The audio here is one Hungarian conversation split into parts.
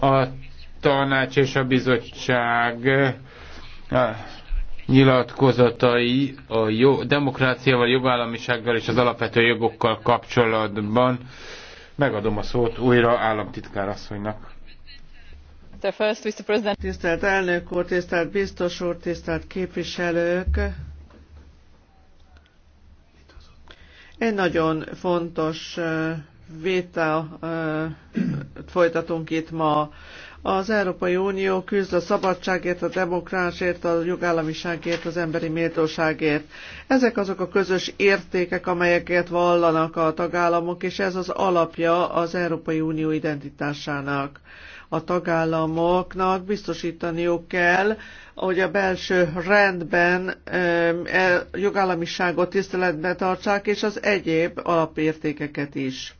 A tanács és a bizottság eh, nyilatkozatai a jó, demokráciával, jogállamisággal és az alapvető jogokkal kapcsolatban. Megadom a szót újra államtitkár asszonynak. Tisztelt elnök úr, tisztelt biztos úr, tisztelt képviselők! Egy nagyon fontos eh, véta folytatunk itt ma. Az Európai Unió küzd a szabadságért, a demokrásért, a jogállamiságért, az emberi méltóságért. Ezek azok a közös értékek, amelyeket vallanak a tagállamok, és ez az alapja az Európai Unió identitásának. A tagállamoknak biztosítaniuk kell, hogy a belső rendben e, jogállamiságot tiszteletben tartsák, és az egyéb alapértékeket is.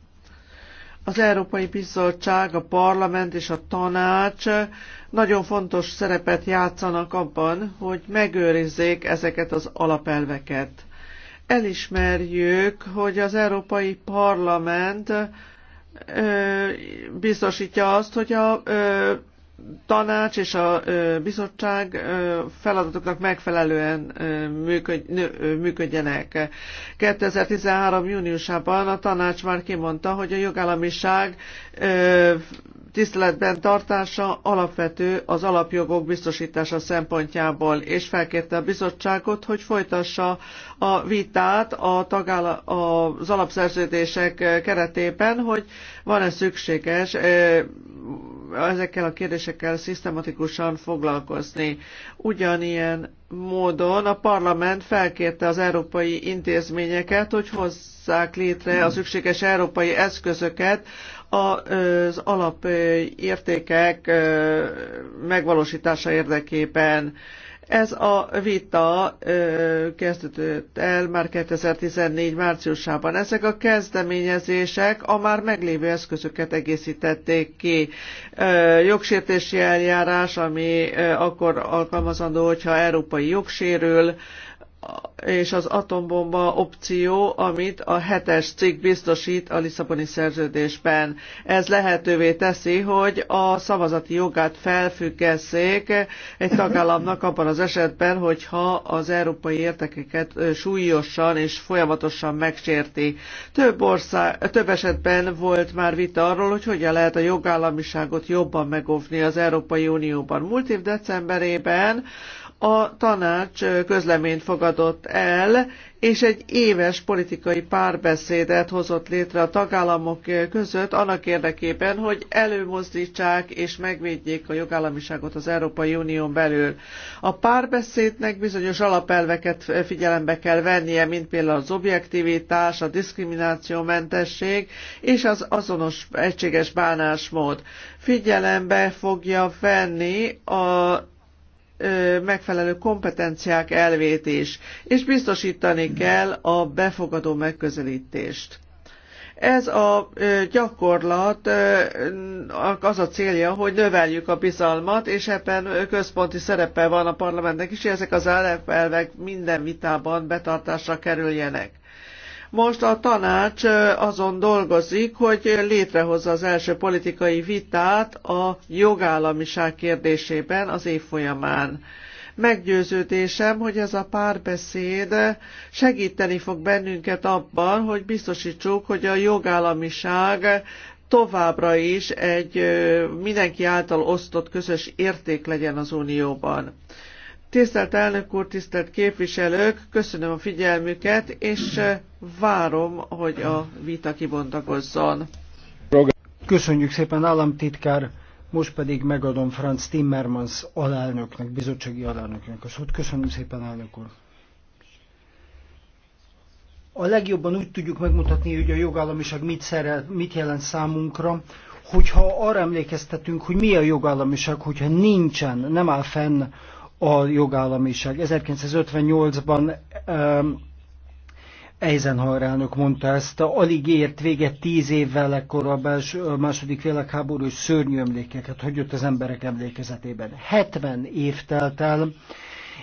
Az Európai Bizottság, a Parlament és a Tanács nagyon fontos szerepet játszanak abban, hogy megőrizzék ezeket az alapelveket. Elismerjük, hogy az Európai Parlament biztosítja azt, hogy a tanács és a bizottság feladatoknak megfelelően működjenek. 2013. júniusában a tanács már kimondta, hogy a jogállamiság tiszteletben tartása alapvető az alapjogok biztosítása szempontjából, és felkérte a bizottságot, hogy folytassa a vitát a tagáll- az alapszerződések keretében, hogy van-e szükséges ezekkel a kérdésekkel szisztematikusan foglalkozni. Ugyanilyen módon a parlament felkérte az európai intézményeket, hogy hozzák létre a szükséges európai eszközöket az alapértékek megvalósítása érdekében ez a vita ö, kezdődött el már 2014 márciusában. Ezek a kezdeményezések a már meglévő eszközöket egészítették ki. Ö, jogsértési eljárás, ami ö, akkor alkalmazandó, hogyha európai jogsérül, sérül, és az atombomba opció, amit a hetes cikk biztosít a Lisszaboni szerződésben. Ez lehetővé teszi, hogy a szavazati jogát felfüggesszék egy tagállamnak abban az esetben, hogyha az európai értekeket súlyosan és folyamatosan megsérti. Több, ország, több esetben volt már vita arról, hogy hogyan lehet a jogállamiságot jobban megóvni az Európai Unióban. Múlt év decemberében a tanács közleményt fogadott el, és egy éves politikai párbeszédet hozott létre a tagállamok között annak érdekében, hogy előmozdítsák és megvédjék a jogállamiságot az Európai Unión belül. A párbeszédnek bizonyos alapelveket figyelembe kell vennie, mint például az objektivitás, a diszkriminációmentesség és az azonos egységes bánásmód. Figyelembe fogja venni a megfelelő kompetenciák elvét is, és biztosítani kell a befogadó megközelítést. Ez a gyakorlat az a célja, hogy növeljük a bizalmat, és ebben központi szerepe van a parlamentnek is, hogy ezek az alapelvek minden vitában betartásra kerüljenek. Most a tanács azon dolgozik, hogy létrehozza az első politikai vitát a jogállamiság kérdésében az év folyamán. Meggyőződésem, hogy ez a párbeszéd segíteni fog bennünket abban, hogy biztosítsuk, hogy a jogállamiság továbbra is egy mindenki által osztott közös érték legyen az Unióban. Tisztelt elnök úr, tisztelt képviselők, köszönöm a figyelmüket, és várom, hogy a vita kibontakozzon. Köszönjük szépen, államtitkár! Most pedig megadom Franz Timmermans alelnöknek, bizottsági alelnöknek a szót. Köszönöm szépen, elnök úr! A legjobban úgy tudjuk megmutatni, hogy a jogállamiság mit, szerel, mit jelent számunkra, hogyha arra emlékeztetünk, hogy mi a jogállamiság, hogyha nincsen, nem áll fenn a jogállamiság. 1958-ban um, Eisenhower elnök mondta ezt, alig ért véget tíz évvel ekkor a belső, második világháború és szörnyű emlékeket hagyott az emberek emlékezetében. 70 év telt el,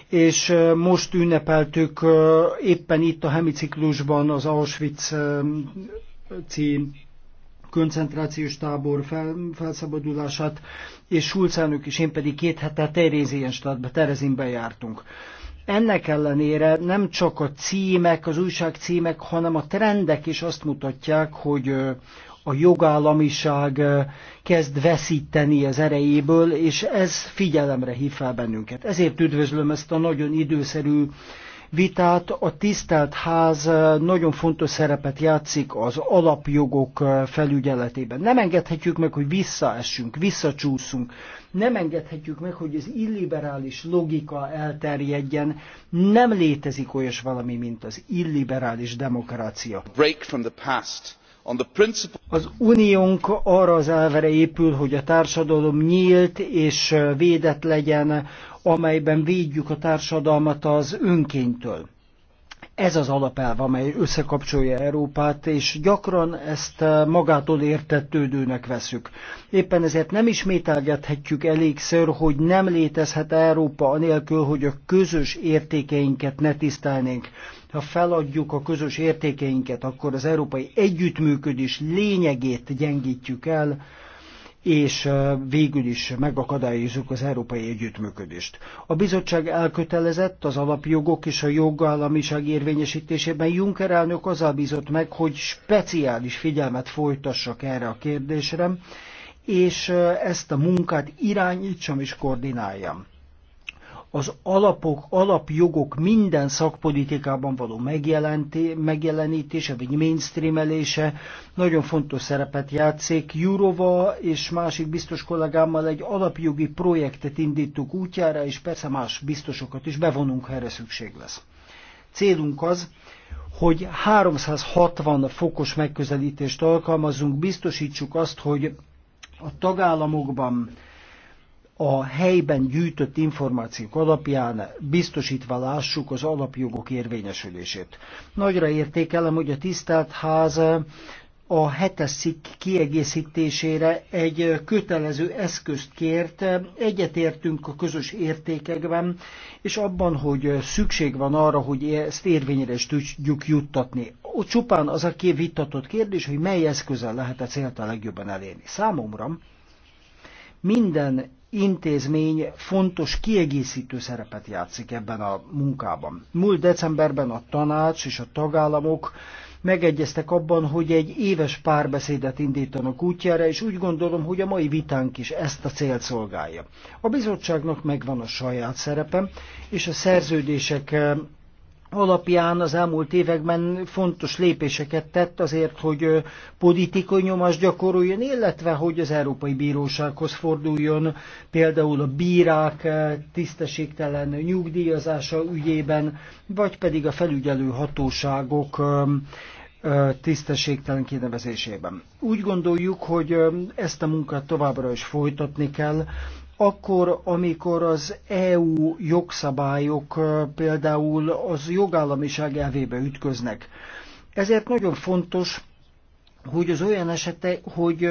és most ünnepeltük éppen itt a hemiciklusban az Auschwitz cím koncentrációs tábor fel, felszabadulását, és Schulz elnök és én pedig két hete Terézienstadtba, Terezinbe jártunk. Ennek ellenére nem csak a címek, az újság címek, hanem a trendek is azt mutatják, hogy a jogállamiság kezd veszíteni az erejéből, és ez figyelemre hív fel bennünket. Ezért üdvözlöm ezt a nagyon időszerű vitát. A tisztelt ház nagyon fontos szerepet játszik az alapjogok felügyeletében. Nem engedhetjük meg, hogy visszaessünk, visszacsúszunk. Nem engedhetjük meg, hogy az illiberális logika elterjedjen. Nem létezik olyas valami, mint az illiberális demokrácia. Break from the past az uniónk arra az elvere épül, hogy a társadalom nyílt és védett legyen, amelyben védjük a társadalmat az önkénytől. Ez az alapelv, amely összekapcsolja Európát, és gyakran ezt eh, magától értetődőnek veszük. Éppen ezért nem ismételgethetjük elégszer, hogy nem létezhet Európa anélkül, hogy a közös értékeinket ne tisztelnénk. Ha feladjuk a közös értékeinket, akkor az európai együttműködés lényegét gyengítjük el, és végül is megakadályozzuk az európai együttműködést. A bizottság elkötelezett az alapjogok és a jogállamiság érvényesítésében Juncker elnök azzal bízott meg, hogy speciális figyelmet folytassak erre a kérdésre, és ezt a munkát irányítsam és koordináljam az alapok, alapjogok minden szakpolitikában való megjelenítése, vagy mainstreamelése nagyon fontos szerepet játszik. Jurova és másik biztos kollégámmal egy alapjogi projektet indítunk útjára, és persze más biztosokat is bevonunk, ha erre szükség lesz. Célunk az, hogy 360 fokos megközelítést alkalmazunk, biztosítsuk azt, hogy a tagállamokban a helyben gyűjtött információk alapján biztosítva lássuk az alapjogok érvényesülését. Nagyra értékelem, hogy a tisztelt ház a hetes szik kiegészítésére egy kötelező eszközt kért, egyetértünk a közös értékekben, és abban, hogy szükség van arra, hogy ezt érvényre is tudjuk juttatni. Csupán az a vitatott kérdés, hogy mely eszközzel lehet a célt a legjobban elérni. Számomra minden intézmény fontos kiegészítő szerepet játszik ebben a munkában. Múlt decemberben a tanács és a tagállamok megegyeztek abban, hogy egy éves párbeszédet indítanak útjára, és úgy gondolom, hogy a mai vitánk is ezt a célt szolgálja. A bizottságnak megvan a saját szerepe, és a szerződések alapján az elmúlt években fontos lépéseket tett azért, hogy politikai nyomás gyakoroljon, illetve hogy az Európai Bírósághoz forduljon, például a bírák tisztességtelen nyugdíjazása ügyében, vagy pedig a felügyelő hatóságok tisztességtelen kinevezésében. Úgy gondoljuk, hogy ezt a munkát továbbra is folytatni kell, akkor, amikor az EU jogszabályok például az jogállamiság elvébe ütköznek. Ezért nagyon fontos, hogy az olyan esete, hogy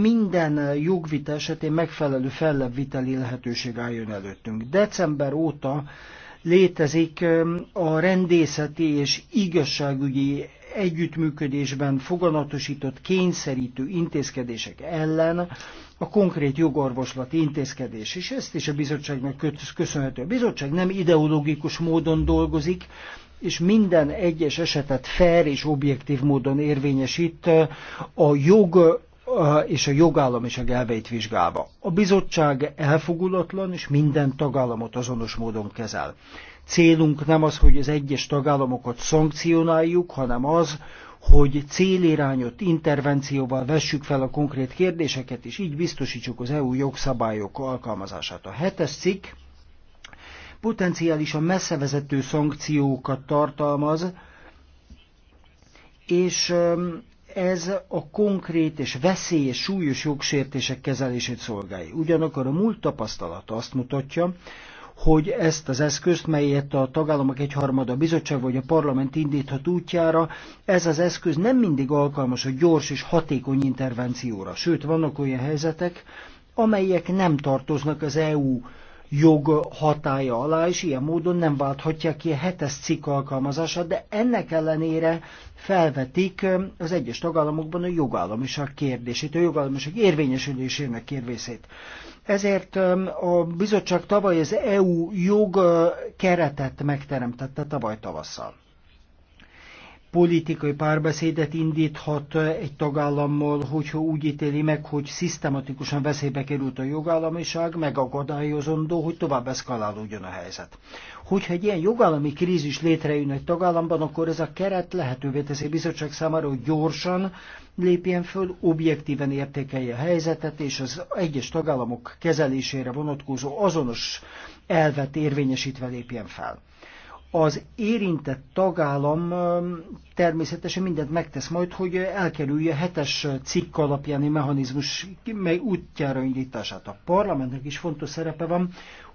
minden jogvita esetén megfelelő fellebbviteli lehetőség álljon előttünk. December óta létezik a rendészeti és igazságügyi együttműködésben foganatosított kényszerítő intézkedések ellen a konkrét jogorvoslati intézkedés, és ezt is a bizottságnak köszönhető. A bizottság nem ideológikus módon dolgozik, és minden egyes esetet fair és objektív módon érvényesít a jog és a jogállamiság elveit vizsgálva. A bizottság elfogulatlan, és minden tagállamot azonos módon kezel. Célunk nem az, hogy az egyes tagállamokat szankcionáljuk, hanem az, hogy célirányott intervencióval vessük fel a konkrét kérdéseket, és így biztosítsuk az EU jogszabályok alkalmazását. A hetes cikk potenciálisan messzevezető szankciókat tartalmaz, és ez a konkrét és veszélyes súlyos jogsértések kezelését szolgálja. Ugyanakkor a múlt tapasztalata azt mutatja, hogy ezt az eszközt, melyet a tagállamok egyharmada, bizottság vagy a parlament indíthat útjára, ez az eszköz nem mindig alkalmas a gyors és hatékony intervencióra. Sőt, vannak olyan helyzetek, amelyek nem tartoznak az EU jog hatája alá, és ilyen módon nem válthatják ki a hetes cikk alkalmazását, de ennek ellenére felvetik az egyes tagállamokban a jogállamiság kérdését, a jogállamiság érvényesülésének kérdését. Ezért a bizottság tavaly az EU jog keretet megteremtette tavaly tavasszal politikai párbeszédet indíthat egy tagállammal, hogyha úgy ítéli meg, hogy szisztematikusan veszélybe került a jogállamiság, megakadályozandó, hogy tovább eszkalálódjon a helyzet. Hogyha egy ilyen jogállami krízis létrejön egy tagállamban, akkor ez a keret lehetővé teszi a bizottság számára, hogy gyorsan lépjen föl, objektíven értékelje a helyzetet, és az egyes tagállamok kezelésére vonatkozó azonos elvet érvényesítve lépjen fel. Az érintett tagállam természetesen mindent megtesz majd, hogy elkerülje hetes cikk alapjáni mechanizmus mely útjára indítását. A parlamentnek is fontos szerepe van,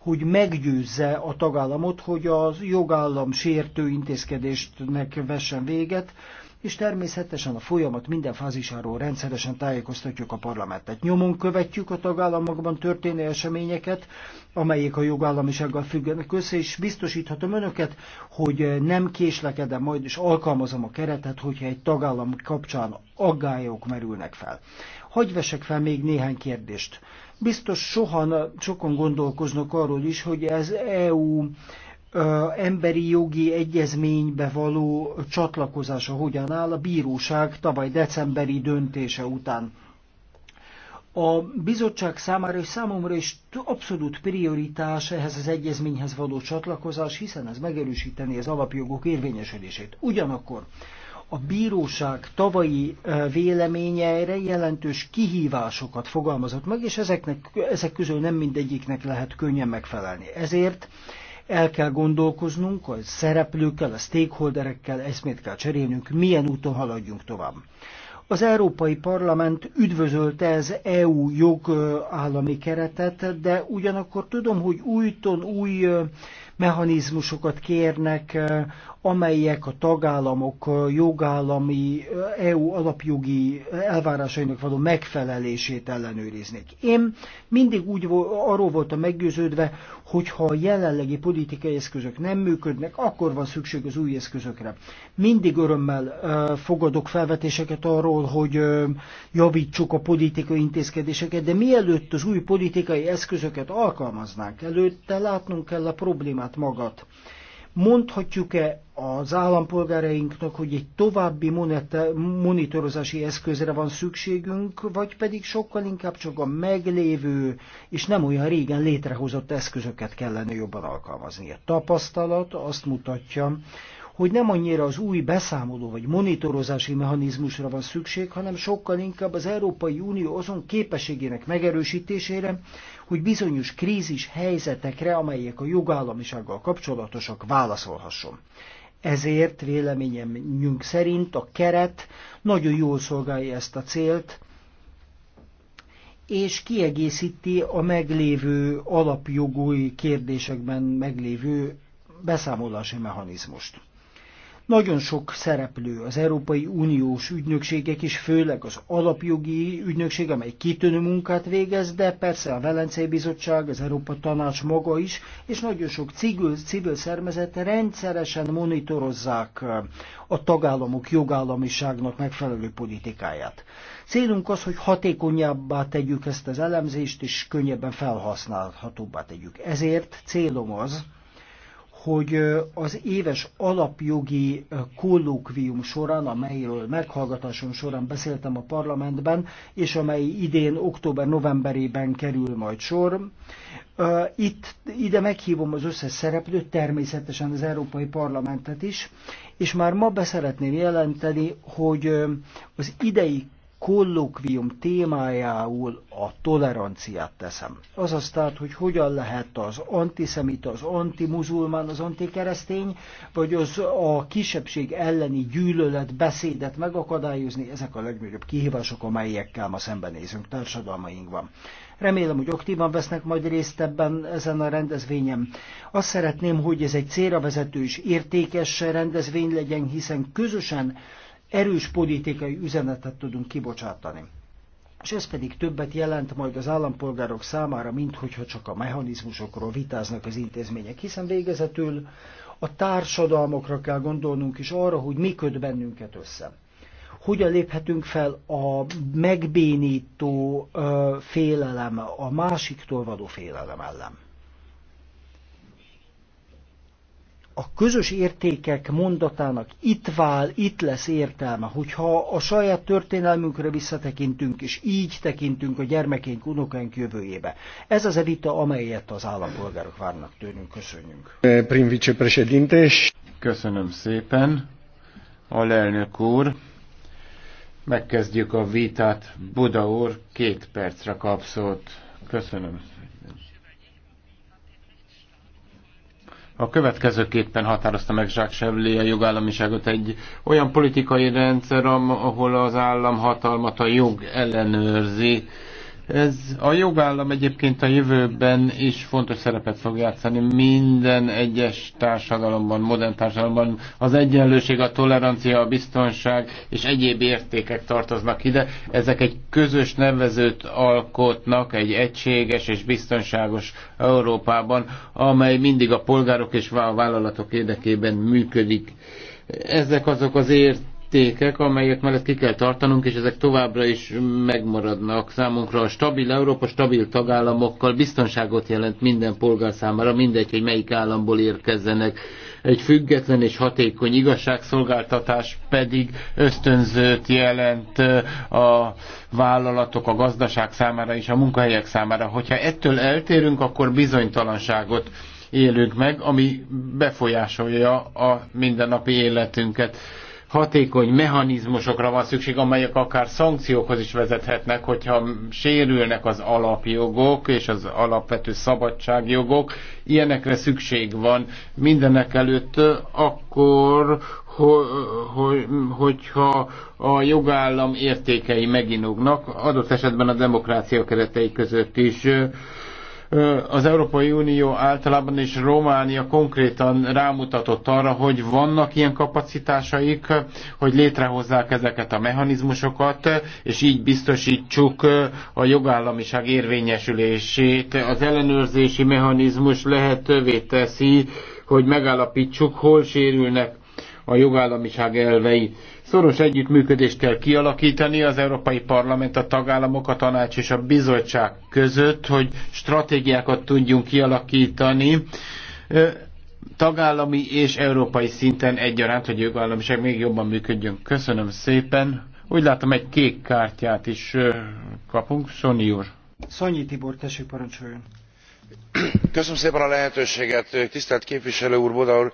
hogy meggyőzze a tagállamot, hogy az jogállam sértő intézkedéstnek vessen véget, és természetesen a folyamat minden fázisáról rendszeresen tájékoztatjuk a parlamentet. Nyomon követjük a tagállamokban történő eseményeket, amelyek a jogállamisággal függenek össze, és biztosíthatom önöket, hogy nem késlekedem majd, és alkalmazom a keretet, hogyha egy tagállam kapcsán aggályok merülnek fel. Hogy vesek fel még néhány kérdést. Biztos sohan, sokan gondolkoznak arról is, hogy az EU emberi jogi egyezménybe való csatlakozása hogyan áll a bíróság tavaly decemberi döntése után. A bizottság számára és számomra is abszolút prioritás ehhez az egyezményhez való csatlakozás, hiszen ez megerősíteni az alapjogok érvényesülését. Ugyanakkor a bíróság tavalyi véleményeire jelentős kihívásokat fogalmazott meg, és ezeknek, ezek közül nem mindegyiknek lehet könnyen megfelelni. Ezért el kell gondolkoznunk, a szereplőkkel, a stakeholderekkel eszmét kell cserélnünk, milyen úton haladjunk tovább. Az Európai Parlament üdvözölte az EU jogállami keretet, de ugyanakkor tudom, hogy újton új mechanizmusokat kérnek, amelyek a tagállamok jogállami EU alapjogi elvárásainak való megfelelését ellenőriznék. Én mindig úgy arról voltam meggyőződve, hogy ha a jelenlegi politikai eszközök nem működnek, akkor van szükség az új eszközökre. Mindig örömmel fogadok felvetéseket arról, hogy javítsuk a politikai intézkedéseket, de mielőtt az új politikai eszközöket alkalmaznánk, előtte látnunk kell a problémát saját magad. Mondhatjuk-e az állampolgárainknak, hogy egy további monitorozási eszközre van szükségünk, vagy pedig sokkal inkább csak a meglévő és nem olyan régen létrehozott eszközöket kellene jobban alkalmazni. A tapasztalat azt mutatja, hogy nem annyira az új beszámoló vagy monitorozási mechanizmusra van szükség, hanem sokkal inkább az Európai Unió azon képességének megerősítésére, hogy bizonyos krízis helyzetekre, amelyek a jogállamisággal kapcsolatosak, válaszolhasson. Ezért véleményemünk szerint a keret nagyon jól szolgálja ezt a célt, és kiegészíti a meglévő alapjogói kérdésekben meglévő beszámolási mechanizmust. Nagyon sok szereplő, az Európai Uniós ügynökségek is, főleg az alapjogi ügynökség, amely kitűnő munkát végez, de persze a Velencei Bizottság, az Európa Tanács maga is, és nagyon sok civil, civil szervezet rendszeresen monitorozzák eh, a tagállamok jogállamiságnak megfelelő politikáját. Célunk az, hogy hatékonyabbá tegyük ezt az elemzést, és könnyebben felhasználhatóbbá tegyük. Ezért célom az, hogy az éves alapjogi kollókvium során, amelyről meghallgatásom során beszéltem a parlamentben, és amely idén október-novemberében kerül majd sor, itt ide meghívom az összes szereplőt, természetesen az Európai Parlamentet is, és már ma beszeretném jelenteni, hogy az idei kollokvium témájául a toleranciát teszem. Azaz tehát, hogy hogyan lehet az antiszemita, az antimuzulmán, az antikeresztény, vagy az a kisebbség elleni gyűlölet beszédet megakadályozni, ezek a legnagyobb kihívások, amelyekkel ma szembenézünk társadalmainkban. Remélem, hogy aktívan vesznek majd részt ebben ezen a rendezvényem. Azt szeretném, hogy ez egy célra vezető és értékes rendezvény legyen, hiszen közösen erős politikai üzenetet tudunk kibocsátani. És ez pedig többet jelent majd az állampolgárok számára, mint hogyha csak a mechanizmusokról vitáznak az intézmények, hiszen végezetül a társadalmokra kell gondolnunk is arra, hogy mi köt bennünket össze. Hogyan léphetünk fel a megbénító félelem, a másiktól való félelem ellen? a közös értékek mondatának itt vál, itt lesz értelme, hogyha a saját történelmünkre visszatekintünk, és így tekintünk a gyermekénk, unokánk jövőjébe. Ez az a amelyet az állampolgárok várnak tőlünk. Köszönjünk. Prim Köszönöm szépen. Alelnök úr, megkezdjük a vitát. Buda úr két percre kapszott. Köszönöm a következőképpen határozta meg Jacques Chevlé a jogállamiságot egy olyan politikai rendszer, ahol az állam hatalmat a jog ellenőrzi, ez a jogállam egyébként a jövőben is fontos szerepet fog játszani minden egyes társadalomban, modern társadalomban. Az egyenlőség, a tolerancia, a biztonság és egyéb értékek tartoznak ide. Ezek egy közös nevezőt alkotnak egy egységes és biztonságos Európában, amely mindig a polgárok és a vállalatok érdekében működik. Ezek azok az értékek, értékek, amelyek mellett ki kell tartanunk, és ezek továbbra is megmaradnak számunkra. A stabil Európa stabil tagállamokkal biztonságot jelent minden polgár számára, mindegy, hogy melyik államból érkezzenek. Egy független és hatékony igazságszolgáltatás pedig ösztönzőt jelent eh, a vállalatok, a gazdaság számára és a munkahelyek számára. Hogyha ettől eltérünk, akkor bizonytalanságot élünk meg, ami befolyásolja a mindennapi életünket hatékony mechanizmusokra van szükség, amelyek akár szankciókhoz is vezethetnek, hogyha sérülnek az alapjogok és az alapvető szabadságjogok. Ilyenekre szükség van mindenek előtt akkor, hogyha a jogállam értékei meginognak, adott esetben a demokrácia keretei között is az Európai Unió általában és Románia konkrétan rámutatott arra, hogy vannak ilyen kapacitásaik, hogy létrehozzák ezeket a mechanizmusokat, és így biztosítsuk a jogállamiság érvényesülését. Az ellenőrzési mechanizmus lehetővé teszi, hogy megállapítsuk, hol sérülnek a jogállamiság elvei Szoros együttműködést kell kialakítani az Európai Parlament, a tagállamok, a tanács és a bizottság között, hogy stratégiákat tudjunk kialakítani tagállami és európai szinten egyaránt, hogy jogállamiság még jobban működjön. Köszönöm szépen. Úgy látom, egy kék kártyát is kapunk. Szonyi úr. Szonyi Tibor, tessék parancsoljon. Köszönöm szépen a lehetőséget. Tisztelt képviselő úr, Boda úr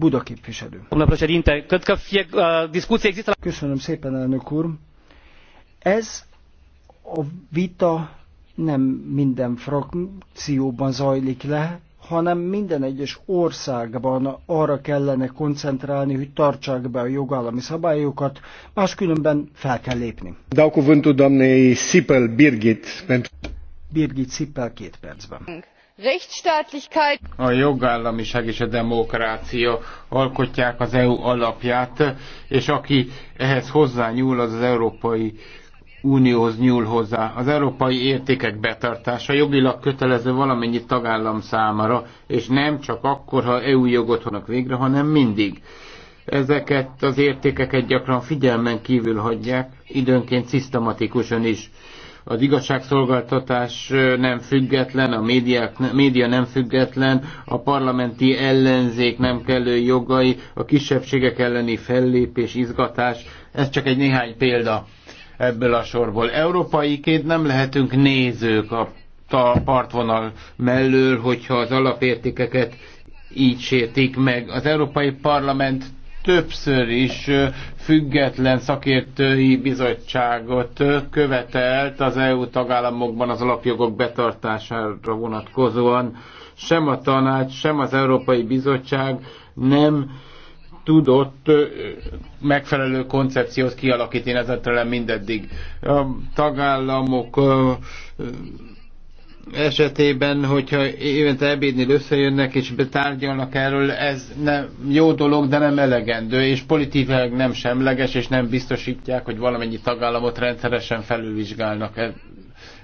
Buda képviselő. Uh, Köszönöm szépen, elnök úr. Ez a vita nem minden frakcióban zajlik le, hanem minden egyes országban arra kellene koncentrálni, hogy tartsák be a jogállami szabályokat, máskülönben fel kell lépni. Dau cuvântul doamnei Sipel Birgit. Birgit Sipel két percben. Rechtsstaatlichkeit. A jogállamiság és a demokrácia alkotják az EU alapját, és aki ehhez hozzányúl, az az Európai Unióhoz nyúl hozzá. Az európai értékek betartása jogilag kötelező valamennyi tagállam számára, és nem csak akkor, ha EU jogot honnak végre, hanem mindig. Ezeket az értékeket gyakran figyelmen kívül hagyják, időnként szisztematikusan is az igazságszolgáltatás nem független, a médiák, média nem független, a parlamenti ellenzék nem kellő jogai, a kisebbségek elleni fellépés, izgatás, ez csak egy néhány példa ebből a sorból. Európaiként nem lehetünk nézők a partvonal mellől, hogyha az alapértékeket így sértik meg. Az Európai Parlament többször is független szakértői bizottságot követelt az EU tagállamokban az alapjogok betartására vonatkozóan. Sem a tanács, sem az Európai Bizottság nem tudott megfelelő koncepciót kialakítani ez mindeddig. A tagállamok esetében, hogyha évente ebédnél összejönnek és betárgyalnak erről, ez nem jó dolog, de nem elegendő, és politikailag nem semleges, és nem biztosítják, hogy valamennyi tagállamot rendszeresen felülvizsgálnak e-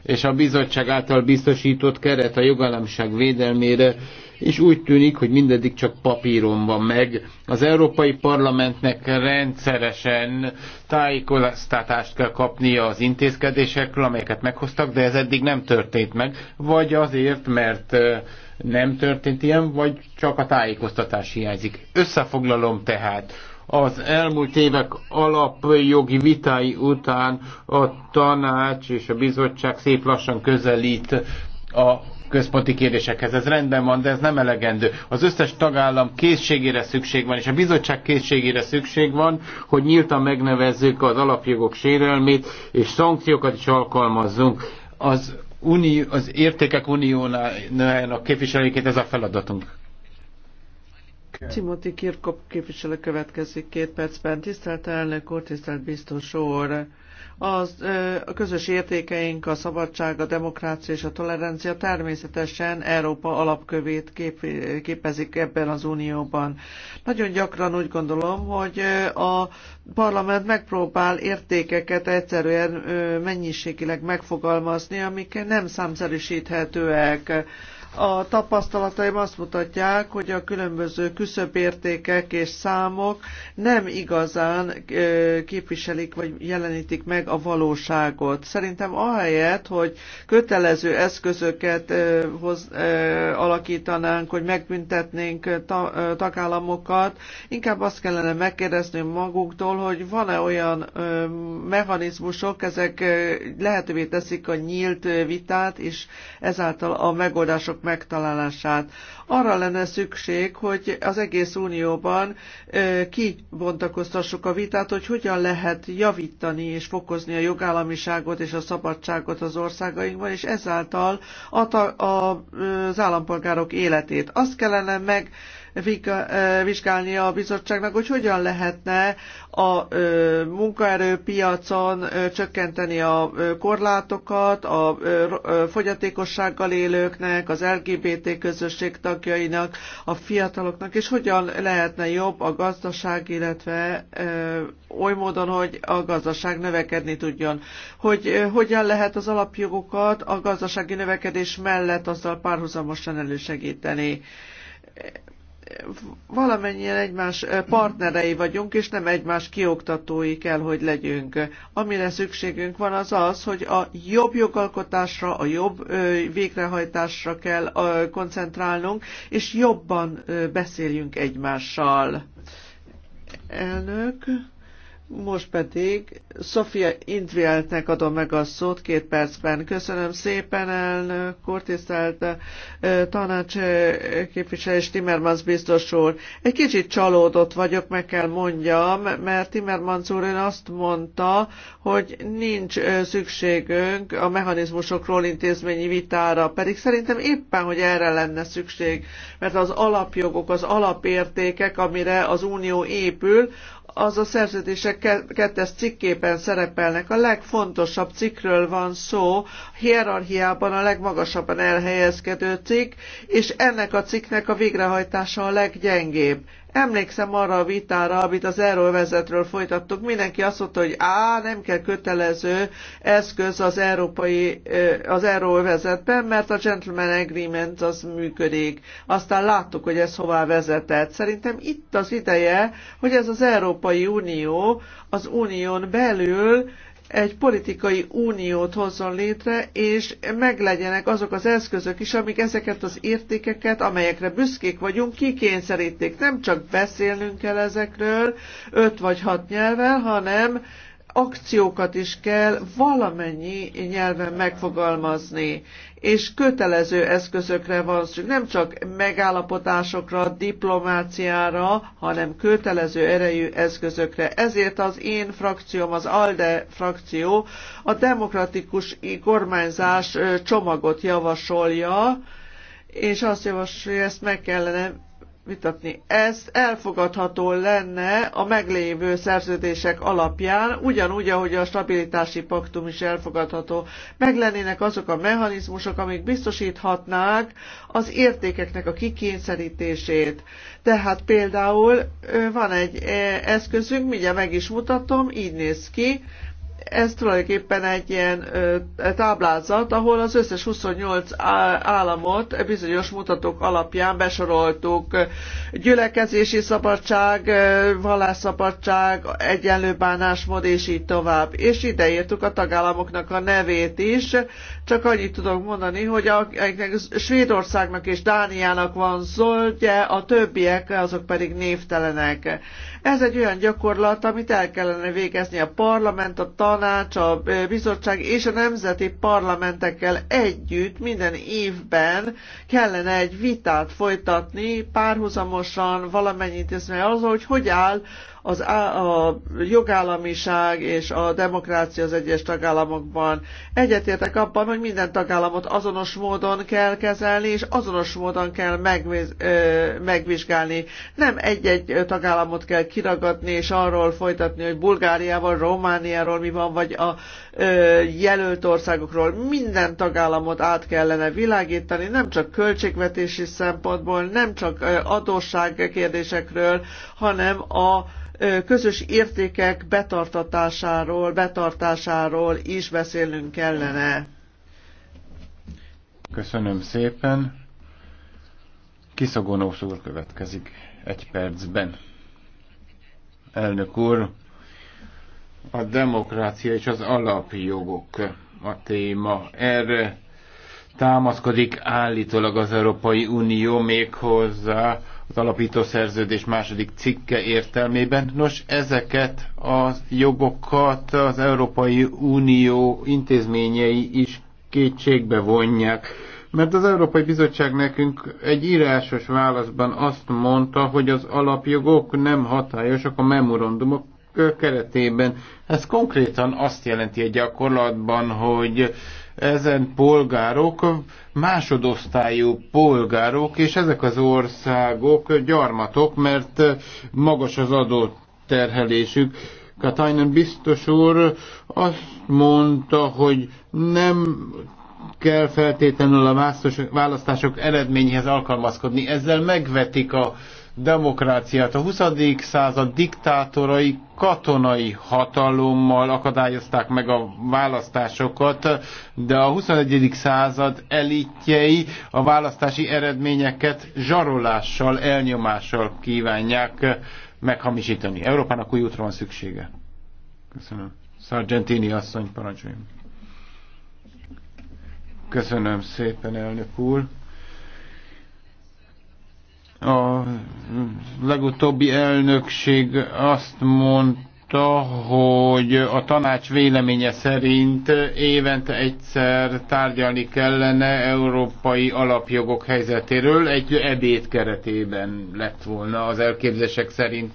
és a bizottság által biztosított keret a jogállamiság védelmére, és úgy tűnik, hogy mindeddig csak papíron van meg. Az Európai Parlamentnek rendszeresen tájékoztatást kell kapnia az intézkedésekről, amelyeket meghoztak, de ez eddig nem történt meg, vagy azért, mert nem történt ilyen, vagy csak a tájékoztatás hiányzik. Összefoglalom tehát, az elmúlt évek alapjogi vitái után a tanács és a bizottság szép lassan közelít a központi kérdésekhez. Ez rendben van, de ez nem elegendő. Az összes tagállam készségére szükség van, és a bizottság készségére szükség van, hogy nyíltan megnevezzük az alapjogok sérelmét, és szankciókat is alkalmazzunk. Az, unió, az értékek a képviselőként ez a feladatunk. Timothy Kirkop képviselő következik két percben. Tisztelt elnök úr, tisztelt biztos úr! Az, a közös értékeink, a szabadság, a demokrácia és a tolerancia természetesen Európa alapkövét kép, képezik ebben az unióban. Nagyon gyakran úgy gondolom, hogy a parlament megpróbál értékeket egyszerűen mennyiségileg megfogalmazni, amik nem számszerűsíthetőek a tapasztalataim azt mutatják, hogy a különböző küszöbértékek és számok nem igazán képviselik vagy jelenítik meg a valóságot. Szerintem ahelyett, hogy kötelező eszközöket hoz, alakítanánk, hogy megbüntetnénk tagállamokat, inkább azt kellene megkérdezni maguktól, hogy van-e olyan mechanizmusok, ezek lehetővé teszik a nyílt vitát, és ezáltal a megoldások megtalálását. Arra lenne szükség, hogy az egész Unióban kibontakoztassuk a vitát, hogy hogyan lehet javítani és fokozni a jogállamiságot és a szabadságot az országainkban, és ezáltal az állampolgárok életét. Azt kellene meg vizsgálni a bizottságnak, hogy hogyan lehetne a munkaerőpiacon csökkenteni a korlátokat a fogyatékossággal élőknek, az LGBT közösség tagjainak, a fiataloknak, és hogyan lehetne jobb a gazdaság, illetve oly módon, hogy a gazdaság növekedni tudjon. Hogy hogyan lehet az alapjogokat a gazdasági növekedés mellett azzal párhuzamosan elősegíteni valamennyien egymás eh, partnerei vagyunk, és nem egymás kioktatói kell, hogy legyünk. Amire szükségünk van az az, hogy a jobb jogalkotásra, a jobb végrehajtásra kell koncentrálnunk, és jobban beszéljünk egymással. Elnök. Most pedig Sofia Intrieltnek adom meg a szót két percben. Köszönöm szépen, elnök kortisztelt tanács képviselő és Timmermans biztos úr. Egy kicsit csalódott vagyok, meg kell mondjam, mert Timmermans úr ön azt mondta, hogy nincs szükségünk a mechanizmusokról intézményi vitára, pedig szerintem éppen, hogy erre lenne szükség, mert az alapjogok, az alapértékek, amire az unió épül, az a szerződések kettes cikkében szerepelnek. A legfontosabb cikkről van szó, hierarchiában a legmagasabban elhelyezkedő cikk, és ennek a cikknek a végrehajtása a leggyengébb. Emlékszem arra a vitára, amit az erővezetről folytattuk. Mindenki azt mondta, hogy á, nem kell kötelező eszköz az európai, az erővezetben, mert a gentleman agreement az működik. Aztán láttuk, hogy ez hová vezetett. Szerintem itt az ideje, hogy ez az Európai Unió az unión belül egy politikai uniót hozzon létre, és meglegyenek azok az eszközök is, amik ezeket az értékeket, amelyekre büszkék vagyunk, kikényszeríték. Nem csak beszélnünk kell ezekről öt vagy hat nyelven, hanem akciókat is kell valamennyi nyelven megfogalmazni, és kötelező eszközökre van szükség, nem csak megállapotásokra, diplomáciára, hanem kötelező erejű eszközökre. Ezért az én frakcióm, az ALDE frakció a demokratikus kormányzás csomagot javasolja, és azt javasolja, hogy ezt meg kellene vitatni. Ez elfogadható lenne a meglévő szerződések alapján, ugyanúgy, ahogy a stabilitási paktum is elfogadható. Meg lennének azok a mechanizmusok, amik biztosíthatnák az értékeknek a kikényszerítését. Tehát például van egy eszközünk, mindjárt meg is mutatom, így néz ki, ez tulajdonképpen egy ilyen táblázat, ahol az összes 28 államot bizonyos mutatók alapján besoroltuk. Gyülekezési szabadság, vallásszabadság, egyenlő bánásmód és így tovább. És ideírtuk a tagállamoknak a nevét is, csak annyit tudok mondani, hogy a, Svédországnak és Dániának van zöldje, a többiek azok pedig névtelenek. Ez egy olyan gyakorlat, amit el kellene végezni a parlament, a tanács, a bizottság és a nemzeti parlamentekkel együtt minden évben kellene egy vitát folytatni párhuzamosan valamennyi intézmény azzal, hogy hogy áll az á, a jogállamiság és a demokrácia az egyes tagállamokban. Egyetértek abban, hogy minden tagállamot azonos módon kell kezelni, és azonos módon kell megviz, ö, megvizsgálni. Nem egy-egy tagállamot kell kiragadni, és arról folytatni, hogy Bulgáriával, Romániáról mi van, vagy a ö, jelölt országokról. Minden tagállamot át kellene világítani, nem csak költségvetési szempontból, nem csak adósság kérdésekről, hanem a közös értékek betartatásáról, betartásáról is beszélnünk kellene. Köszönöm szépen. Kiszagonó úr következik egy percben. Elnök úr, a demokrácia és az alapjogok a téma. Erre támaszkodik állítólag az Európai Unió méghozzá az alapító szerződés második cikke értelmében. Nos, ezeket a jogokat az Európai Unió intézményei is kétségbe vonják. Mert az Európai Bizottság nekünk egy írásos válaszban azt mondta, hogy az alapjogok nem hatályosak a memorandumok keretében. Ez konkrétan azt jelenti a gyakorlatban, hogy ezen polgárok másodosztályú polgárok, és ezek az országok gyarmatok, mert magas az adóterhelésük. Katainen biztos úr azt mondta, hogy nem kell feltétlenül a választások eredményhez alkalmazkodni. Ezzel megvetik a demokráciát. A 20. század diktátorai katonai hatalommal akadályozták meg a választásokat, de a 21. század elitjei a választási eredményeket zsarolással, elnyomással kívánják meghamisítani. Európának új útra van szüksége. Köszönöm. Sargentini asszony, parancsoljon. Köszönöm szépen, elnök úr. A legutóbbi elnökség azt mondta, hogy a tanács véleménye szerint évente egyszer tárgyalni kellene európai alapjogok helyzetéről, egy ebéd keretében lett volna az elképzések szerint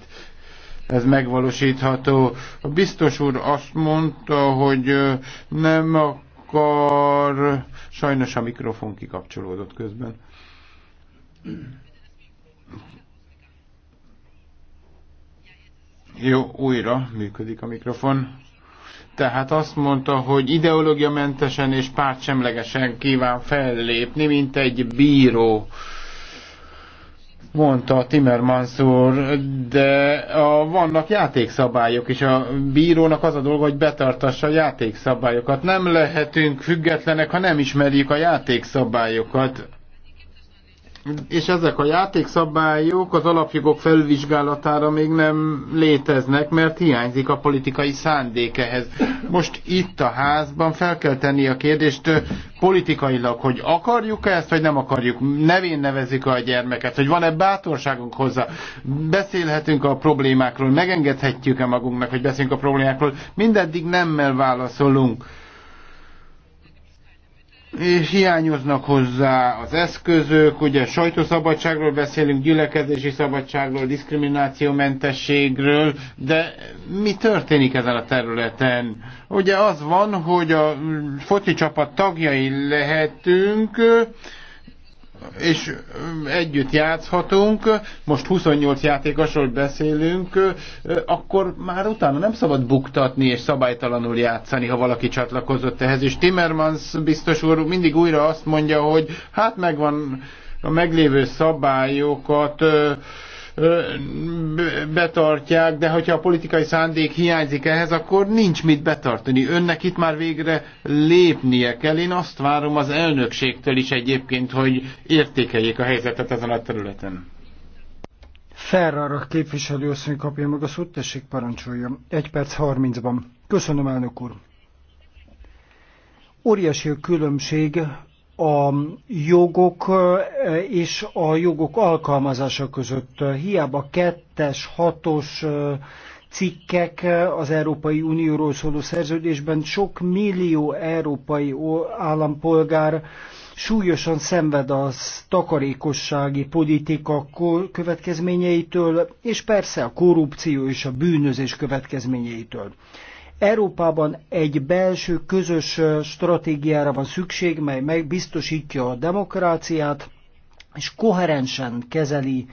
ez megvalósítható. A biztos úr azt mondta, hogy nem akar... Sajnos a mikrofon kikapcsolódott közben. Jó, újra működik a mikrofon. Tehát azt mondta, hogy ideológia mentesen és pártsemlegesen kíván fellépni, mint egy bíró mondta Timmermans úr, de a, vannak játékszabályok, és a bírónak az a dolga, hogy betartassa a játékszabályokat. Nem lehetünk függetlenek, ha nem ismerjük a játékszabályokat és ezek a játékszabályok az alapjogok felvizsgálatára még nem léteznek, mert hiányzik a politikai szándék ehhez. Most itt a házban fel kell tenni a kérdést politikailag, hogy akarjuk -e ezt, vagy nem akarjuk, nevén nevezik a gyermeket, hogy van-e bátorságunk hozzá, beszélhetünk a problémákról, megengedhetjük-e magunknak, hogy beszéljünk a problémákról, mindeddig nemmel válaszolunk és hiányoznak hozzá az eszközök, ugye sajtószabadságról beszélünk, gyülekezési szabadságról, diszkriminációmentességről, de mi történik ezen a területen? Ugye az van, hogy a foci csapat tagjai lehetünk, és együtt játszhatunk, most 28 játékosról beszélünk, akkor már utána nem szabad buktatni és szabálytalanul játszani, ha valaki csatlakozott ehhez. És Timmermans biztos úr mindig újra azt mondja, hogy hát megvan a meglévő szabályokat, betartják, de hogyha a politikai szándék hiányzik ehhez, akkor nincs mit betartani. Önnek itt már végre lépnie kell. Én azt várom az elnökségtől is egyébként, hogy értékeljék a helyzetet ezen a területen. Ferrara asszony kapja meg a szót, tessék parancsolja. Egy perc harmincban. Köszönöm, elnök úr. Óriási a különbség a jogok és a jogok alkalmazása között. Hiába kettes, hatos cikkek az Európai Unióról szóló szerződésben sok millió európai állampolgár súlyosan szenved a takarékossági politika következményeitől, és persze a korrupció és a bűnözés következményeitől. Európában egy belső közös stratégiára van szükség, mely megbiztosítja a demokráciát, és koherensen kezeli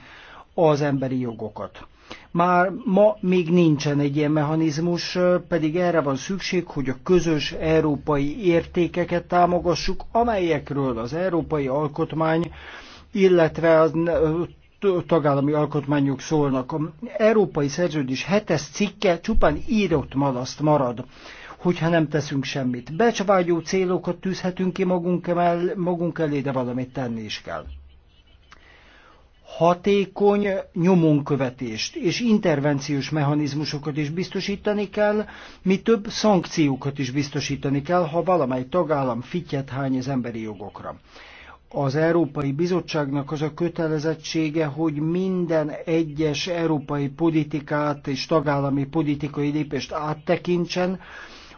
az emberi jogokat. Már ma még nincsen egy ilyen mechanizmus, pedig erre van szükség, hogy a közös európai értékeket támogassuk, amelyekről az európai alkotmány, illetve a tagállami alkotmányok szólnak. A Európai Szerződés 7 cikke csupán írott malaszt marad hogyha nem teszünk semmit. Becsvágyó célokat tűzhetünk ki magunk, el, magunk elé, de valamit tenni is kell. Hatékony nyomonkövetést és intervenciós mechanizmusokat is biztosítani kell, mi több szankciókat is biztosítani kell, ha valamely tagállam fityet hány az emberi jogokra az Európai Bizottságnak az a kötelezettsége, hogy minden egyes európai politikát és tagállami politikai lépést áttekintsen,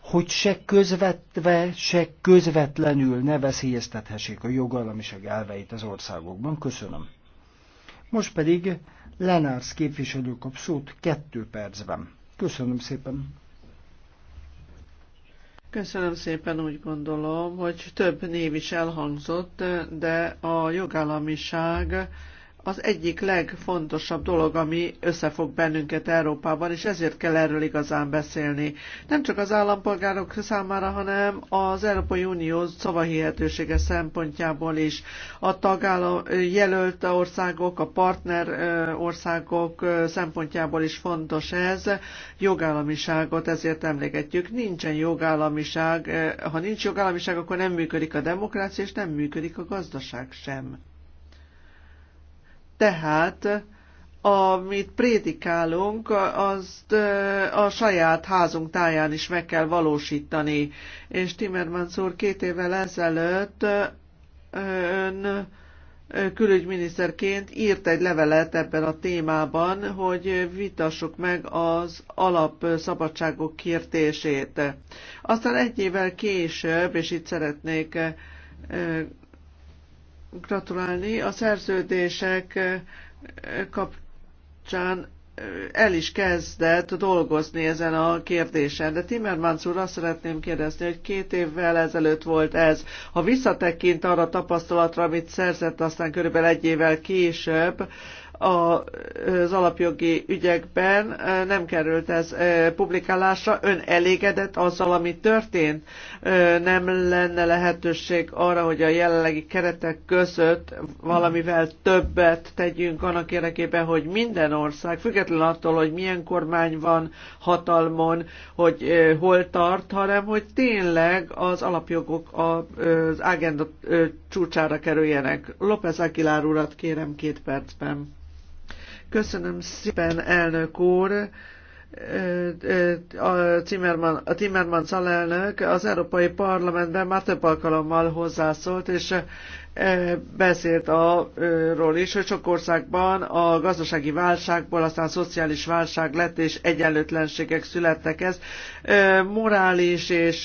hogy se közvetve, se közvetlenül ne veszélyeztethessék a jogállamiság elveit az országokban. Köszönöm. Most pedig Lenársz képviselő kap szót kettő percben. Köszönöm szépen. Köszönöm szépen, úgy gondolom, hogy több név is elhangzott, de a jogállamiság az egyik legfontosabb dolog, ami összefog bennünket Európában, és ezért kell erről igazán beszélni. Nem csak az állampolgárok számára, hanem az Európai Unió szavahihetősége szempontjából is. A tagállam jelölt országok, a partner országok szempontjából is fontos ez. Jogállamiságot ezért emlégetjük. Nincsen jogállamiság. Ha nincs jogállamiság, akkor nem működik a demokrácia, és nem működik a gazdaság sem. Tehát amit prédikálunk, azt a saját házunk táján is meg kell valósítani. És Timmermans úr két évvel ezelőtt ön külügyminiszterként írt egy levelet ebben a témában, hogy vitassuk meg az alapszabadságok kértését. Aztán egy évvel később, és itt szeretnék gratulálni. A szerződések eh, kapcsán eh, el is kezdett dolgozni ezen a kérdésen. De Timmermans úr, azt szeretném kérdezni, hogy két évvel ezelőtt volt ez. Ha visszatekint arra a tapasztalatra, amit szerzett aztán körülbelül egy évvel később, az alapjogi ügyekben nem került ez publikálásra. Ön elégedett azzal, ami történt? Nem lenne lehetőség arra, hogy a jelenlegi keretek között valamivel többet tegyünk annak érdekében, hogy minden ország, függetlenül attól, hogy milyen kormány van hatalmon, hogy hol tart, hanem hogy tényleg az alapjogok az agenda csúcsára kerüljenek. López Aguilar urat kérem két percben. Köszönöm szépen, elnök úr! A Timmerman, a Timmermans alelnök az Európai Parlamentben már több alkalommal hozzászólt, és beszélt arról is, hogy sok országban a gazdasági válságból, aztán a szociális válság lett, és egyenlőtlenségek születtek. Ez morális és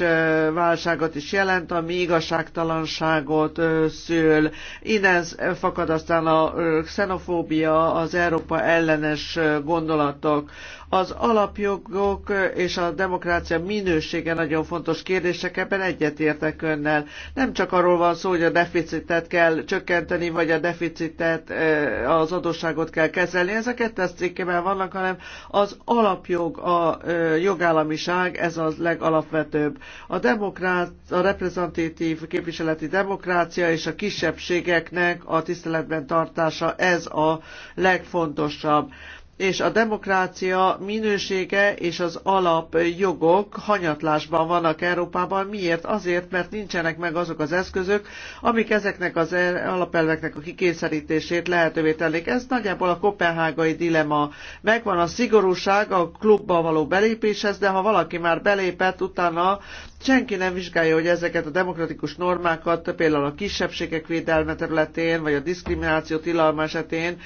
válságot is jelent, ami igazságtalanságot szül. Innen fakad aztán a xenofóbia, az Európa ellenes gondolatok. Az alapjogok és a demokrácia minősége nagyon fontos kérdések, ebben egyetértek önnel. Nem csak arról van szó, hogy a deficitet kell csökkenteni, vagy a deficitet, az adósságot kell kezelni, ezeket tesz cikkében vannak, hanem az alapjog, a jogállamiság, ez az legalapvetőbb. A, demokrát, a reprezentatív képviseleti demokrácia és a kisebbségeknek a tiszteletben tartása, ez a legfontosabb és a demokrácia minősége és az alapjogok hanyatlásban vannak Európában. Miért? Azért, mert nincsenek meg azok az eszközök, amik ezeknek az alapelveknek a kikényszerítését lehetővé tennék. Ez nagyjából a kopenhágai dilema. Megvan a szigorúság a klubba való belépéshez, de ha valaki már belépett, utána senki nem vizsgálja, hogy ezeket a demokratikus normákat, például a kisebbségek védelme területén, vagy a diszkrimináció tilalma esetén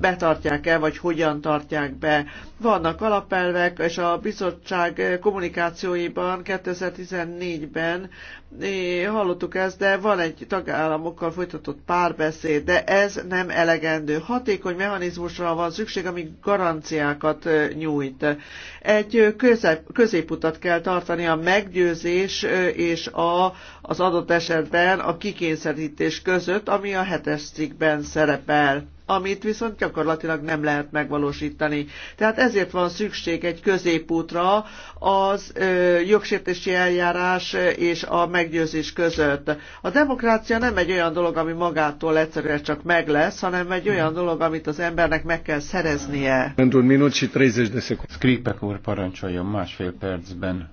betartják-e, vagy hogyan tartják be. Vannak alapelvek, és a bizottság kommunikációiban 2014-ben hallottuk ezt, de van egy tagállamokkal folytatott párbeszéd, de ez nem elegendő. Hatékony mechanizmusra van szükség, ami garanciákat nyújt. Egy közep, középutat kell tartani a meggyőzés és a, az adott esetben a kikényszerítés között, ami a hetes cikkben szerepel amit viszont gyakorlatilag nem lehet megvalósítani. Tehát ezért van szükség egy középútra az ö, jogsértési eljárás és a meggyőzés között. A demokrácia nem egy olyan dolog, ami magától egyszerűen csak meg lesz, hanem egy olyan dolog, amit az embernek meg kell szereznie. Skripek úr parancsoljon másfél percben.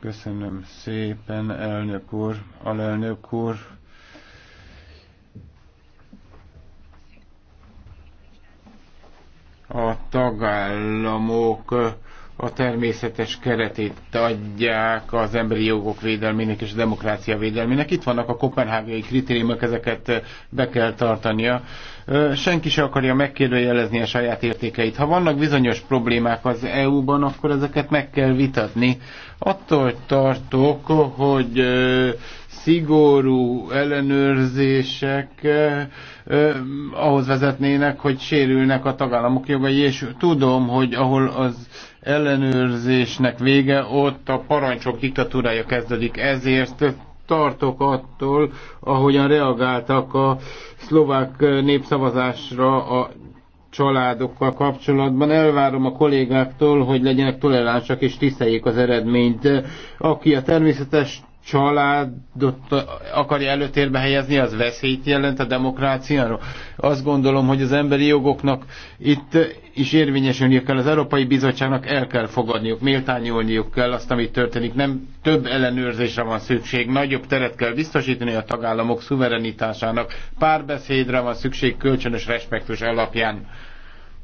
Köszönöm szépen, elnök úr, alelnök úr a tagállamok a természetes keretét adják az emberi jogok védelmének és a demokrácia védelmének. Itt vannak a kopenhágai kritériumok, ezeket be kell tartania. Senki se akarja megkérdőjelezni a saját értékeit. Ha vannak bizonyos problémák az EU-ban, akkor ezeket meg kell vitatni. Attól tartok, hogy szigorú ellenőrzések eh, eh, ahhoz vezetnének, hogy sérülnek a tagállamok jogai, és tudom, hogy ahol az ellenőrzésnek vége, ott a parancsok diktatúrája kezdődik. Ezért tartok attól, ahogyan reagáltak a szlovák népszavazásra a családokkal kapcsolatban. Elvárom a kollégáktól, hogy legyenek toleránsak és tiszteljék az eredményt. Aki a természetes családot akarja előtérbe helyezni, az veszélyt jelent a demokráciára. Azt gondolom, hogy az emberi jogoknak itt is érvényesülniük kell, az Európai Bizottságnak el kell fogadniuk, méltányolniuk kell azt, amit történik. Nem több ellenőrzésre van szükség, nagyobb teret kell biztosítani a tagállamok szuverenitásának, párbeszédre van szükség kölcsönös respektus alapján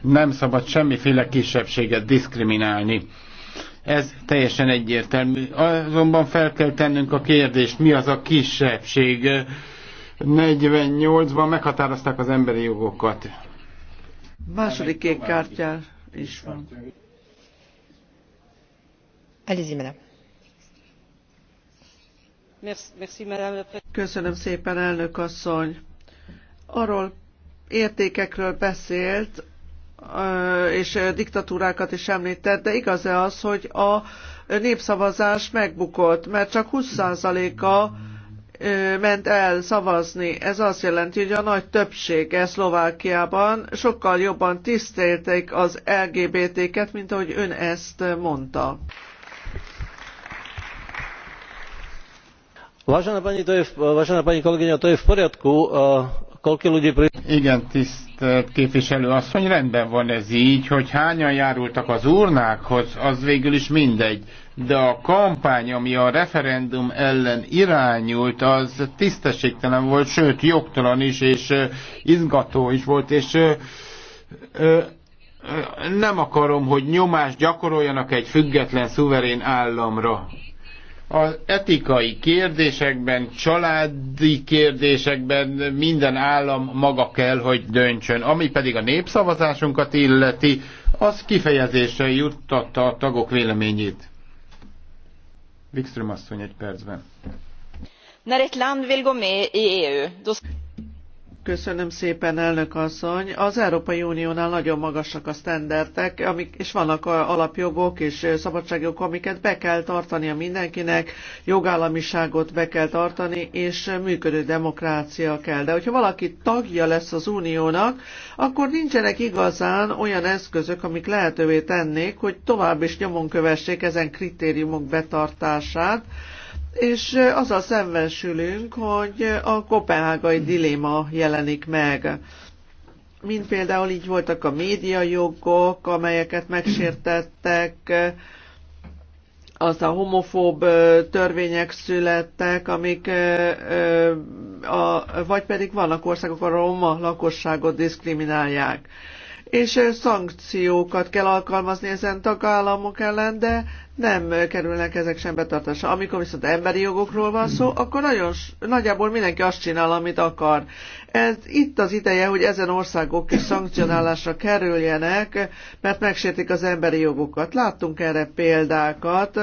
nem szabad semmiféle kisebbséget diszkriminálni. Ez teljesen egyértelmű. Azonban fel kell tennünk a kérdést, mi az a kisebbség. 48-ban meghatározták az emberi jogokat. Második kék kártyá is van. madame. Köszönöm szépen, elnök asszony. Arról értékekről beszélt, és diktatúrákat is említett, de igaz-e az, hogy a népszavazás megbukott, mert csak 20%-a ment el szavazni. Ez azt jelenti, hogy a nagy többsége Szlovákiában sokkal jobban tisztelték az LGBT-ket, mint ahogy ön ezt mondta. Vážená pani, to je, vážená pani kolegyňa, to je v poriadku. Igen, tisztelt képviselő asszony, rendben van ez így, hogy hányan járultak az urnákhoz, az végül is mindegy. De a kampány, ami a referendum ellen irányult, az tisztességtelen volt, sőt jogtalan is, és izgató is volt, és nem akarom, hogy nyomást gyakoroljanak egy független, szuverén államra az etikai kérdésekben, családi kérdésekben minden állam maga kell, hogy döntsön. Ami pedig a népszavazásunkat illeti, az kifejezésre juttatta a tagok véleményét. Wikström asszony egy percben. När ett land vill gå med i EU, då... Köszönöm szépen, elnök asszony. Az Európai Uniónál nagyon magasak a sztendertek, amik, és vannak alapjogok és szabadságok amiket be kell tartani a mindenkinek, jogállamiságot be kell tartani, és működő demokrácia kell. De hogyha valaki tagja lesz az Uniónak, akkor nincsenek igazán olyan eszközök, amik lehetővé tennék, hogy tovább is nyomon kövessék ezen kritériumok betartását, és azzal szembesülünk, hogy a kopenhágai diléma jelenik meg. Mint például így voltak a médiajogok, amelyeket megsértettek, az a homofób törvények születtek, amik, a, vagy pedig vannak országok, ahol a roma lakosságot diszkriminálják és szankciókat kell alkalmazni ezen tagállamok ellen, de nem kerülnek ezek sem betartásra. Amikor viszont emberi jogokról van szó, akkor nagyon, nagyjából mindenki azt csinál, amit akar. Ez itt az ideje, hogy ezen országok is szankcionálásra kerüljenek, mert megsértik az emberi jogokat. Láttunk erre példákat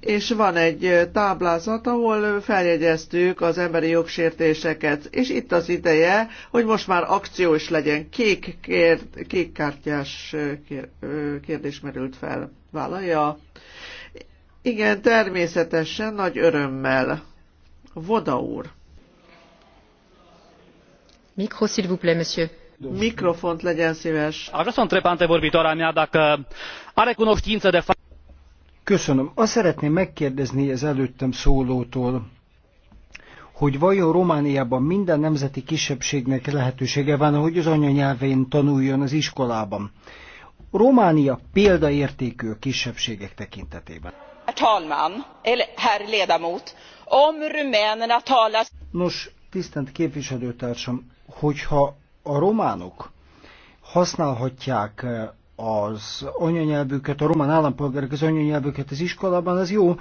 és van egy táblázat, ahol feljegyeztük az emberi jogsértéseket, és itt az ideje, hogy most már akció is legyen. Kék, kér, kék kártyás kérdés merült fel. Vállalja? Igen, természetesen, nagy örömmel. Voda úr. Mikro, s'il vous plaît, monsieur. Mikrofont legyen szíves. Aș vrea să întreb antevorbitoarea mea dacă are cunoștință de fapt Köszönöm. Azt szeretném megkérdezni az előttem szólótól, hogy vajon Romániában minden nemzeti kisebbségnek lehetősége van, hogy az anyanyelvén tanuljon az iskolában. Románia példaértékű a kisebbségek tekintetében. Talman, herr talas... Nos, tisztelt képviselőtársam, hogyha a románok használhatják eh, az anyanyelvüket, a román állampolgárok az anyanyelvüket az iskolában, az jó,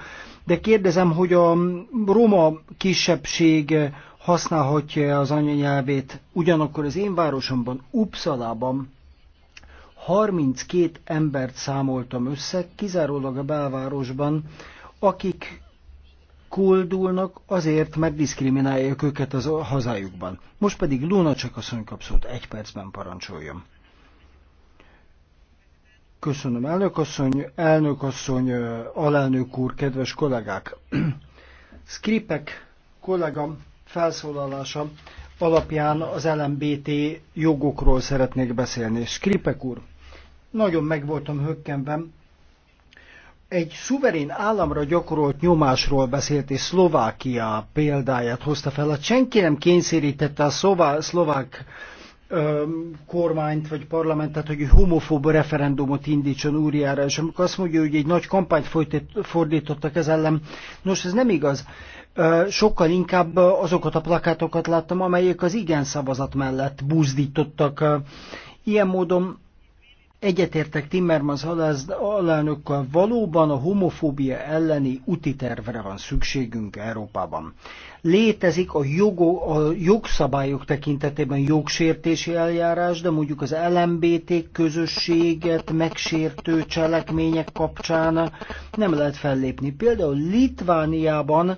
de kérdezem, hogy a roma kisebbség használhatja az anyanyelvét, ugyanakkor az én városomban, Upszalában 32 embert számoltam össze, kizárólag a belvárosban, akik koldulnak azért, mert diszkriminálják őket az hazájukban. Most pedig Luna csak a kap egy percben parancsoljon. Köszönöm, elnök asszony, elnök asszony, alelnök úr, kedves kollégák! Skripek kollégam felszólalása alapján az LMBT jogokról szeretnék beszélni. Skripek úr, nagyon meg voltam hökkenve, egy szuverén államra gyakorolt nyomásról beszélt, és Szlovákia példáját hozta fel. A hát senki nem kényszerítette a szlovák kormányt vagy parlamentet, hogy egy homofób referendumot indítson úriára, és amikor azt mondja, hogy egy nagy kampányt fordítottak ez ellen, nos, ez nem igaz. Sokkal inkább azokat a plakátokat láttam, amelyek az igen szavazat mellett buzdítottak. Ilyen módon Egyetértek Timmermans alelnökkel, valóban a homofóbia elleni úti tervre van szükségünk Európában. Létezik a, jogo, a jogszabályok tekintetében jogsértési eljárás, de mondjuk az LMBT közösséget megsértő cselekmények kapcsán nem lehet fellépni. Például Litvániában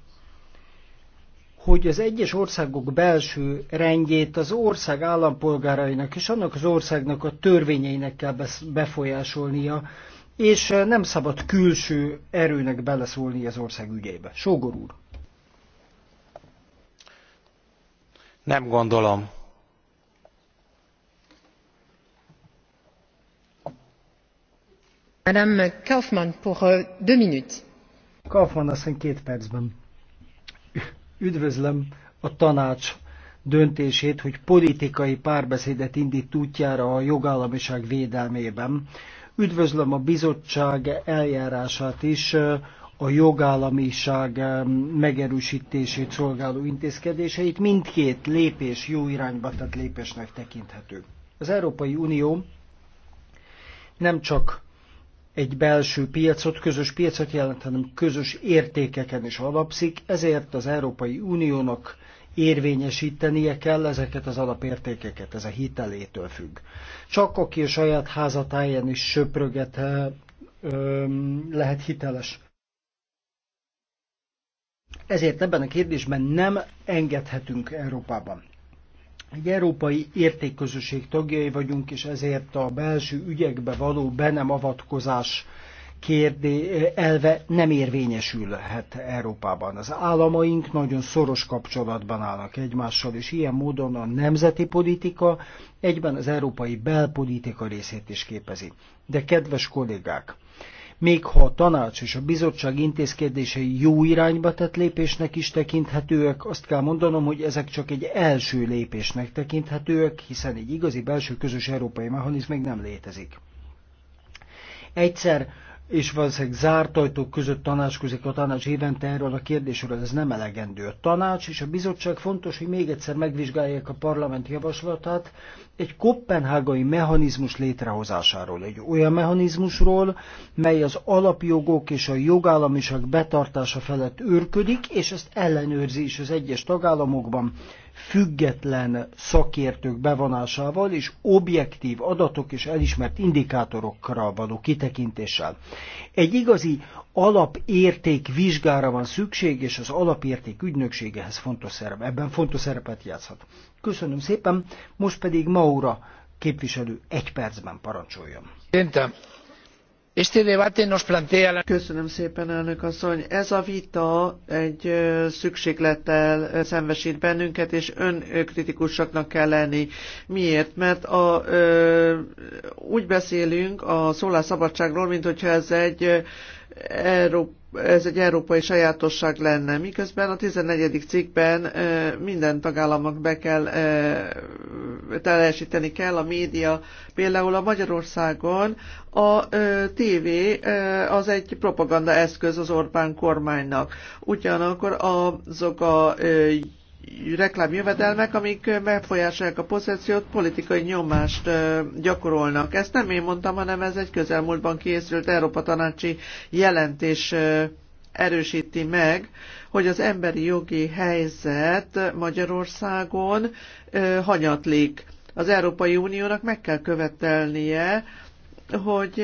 hogy az egyes országok belső rendjét az ország állampolgárainak és annak az országnak a törvényeinek kell befolyásolnia, és eh, nem szabad külső erőnek beleszólni az ország ügyeibe. Sógor úr. Nem gondolom. Madame Kaufmann, pour euh, deux minutes. Kaufmann asszony két percben. Üdvözlöm a tanács döntését, hogy politikai párbeszédet indít útjára a jogállamiság védelmében. Üdvözlöm a bizottság eljárását is, a jogállamiság megerősítését szolgáló intézkedéseit. Mindkét lépés jó irányba tett lépésnek tekinthető. Az Európai Unió nem csak egy belső piacot, közös piacot jelent, hanem közös értékeken is alapszik, ezért az Európai Uniónak érvényesítenie kell ezeket az alapértékeket, ez a hitelétől függ. Csak aki a saját házatáján is söpröget lehet hiteles. Ezért ebben a kérdésben nem engedhetünk Európában. Egy európai értékközösség tagjai vagyunk, és ezért a belső ügyekbe való be nem avatkozás kérdé, elve nem érvényesülhet Európában. Az államaink nagyon szoros kapcsolatban állnak egymással, és ilyen módon a nemzeti politika egyben az európai belpolitika részét is képezi. De kedves kollégák, még ha a tanács és a bizottság intézkedései jó irányba tett lépésnek is tekinthetőek, azt kell mondanom, hogy ezek csak egy első lépésnek tekinthetőek, hiszen egy igazi belső közös európai mechanizm még nem létezik. Egyszer és valószínűleg zárt ajtók között tanácskozik a tanács évente erről a kérdésről, ez nem elegendő. A tanács és a bizottság fontos, hogy még egyszer megvizsgálják a parlament javaslatát egy kopenhágai mechanizmus létrehozásáról, egy olyan mechanizmusról, mely az alapjogok és a jogállamiság betartása felett őrködik, és ezt ellenőrzi is az egyes tagállamokban független szakértők bevonásával és objektív adatok és elismert indikátorokra való kitekintéssel. Egy igazi alapérték vizsgára van szükség, és az alapérték ügynökségehez fontos szerep, ebben fontos szerepet játszhat. Köszönöm szépen, most pedig Maura képviselő egy percben parancsoljon. Szerintem Este debate nos plantea la... Köszönöm szépen, elnök asszony. Ez a vita egy szükséglettel szembesít bennünket, és önkritikusaknak kell lenni. Miért? Mert a, ö, úgy beszélünk a szólásszabadságról, mint hogyha ez egy Európa ez egy európai sajátosság lenne. Miközben a 14. cikkben minden tagállamnak be kell teljesíteni kell a média. Például a Magyarországon a TV az egy propaganda eszköz az Orbán kormánynak. Ugyanakkor azok a reklámjövedelmek, amik megfolyásolják a pozíciót, politikai nyomást gyakorolnak. Ezt nem én mondtam, hanem ez egy közelmúltban készült Európa Tanácsi jelentés erősíti meg, hogy az emberi jogi helyzet Magyarországon hanyatlik. Az Európai Uniónak meg kell követelnie, hogy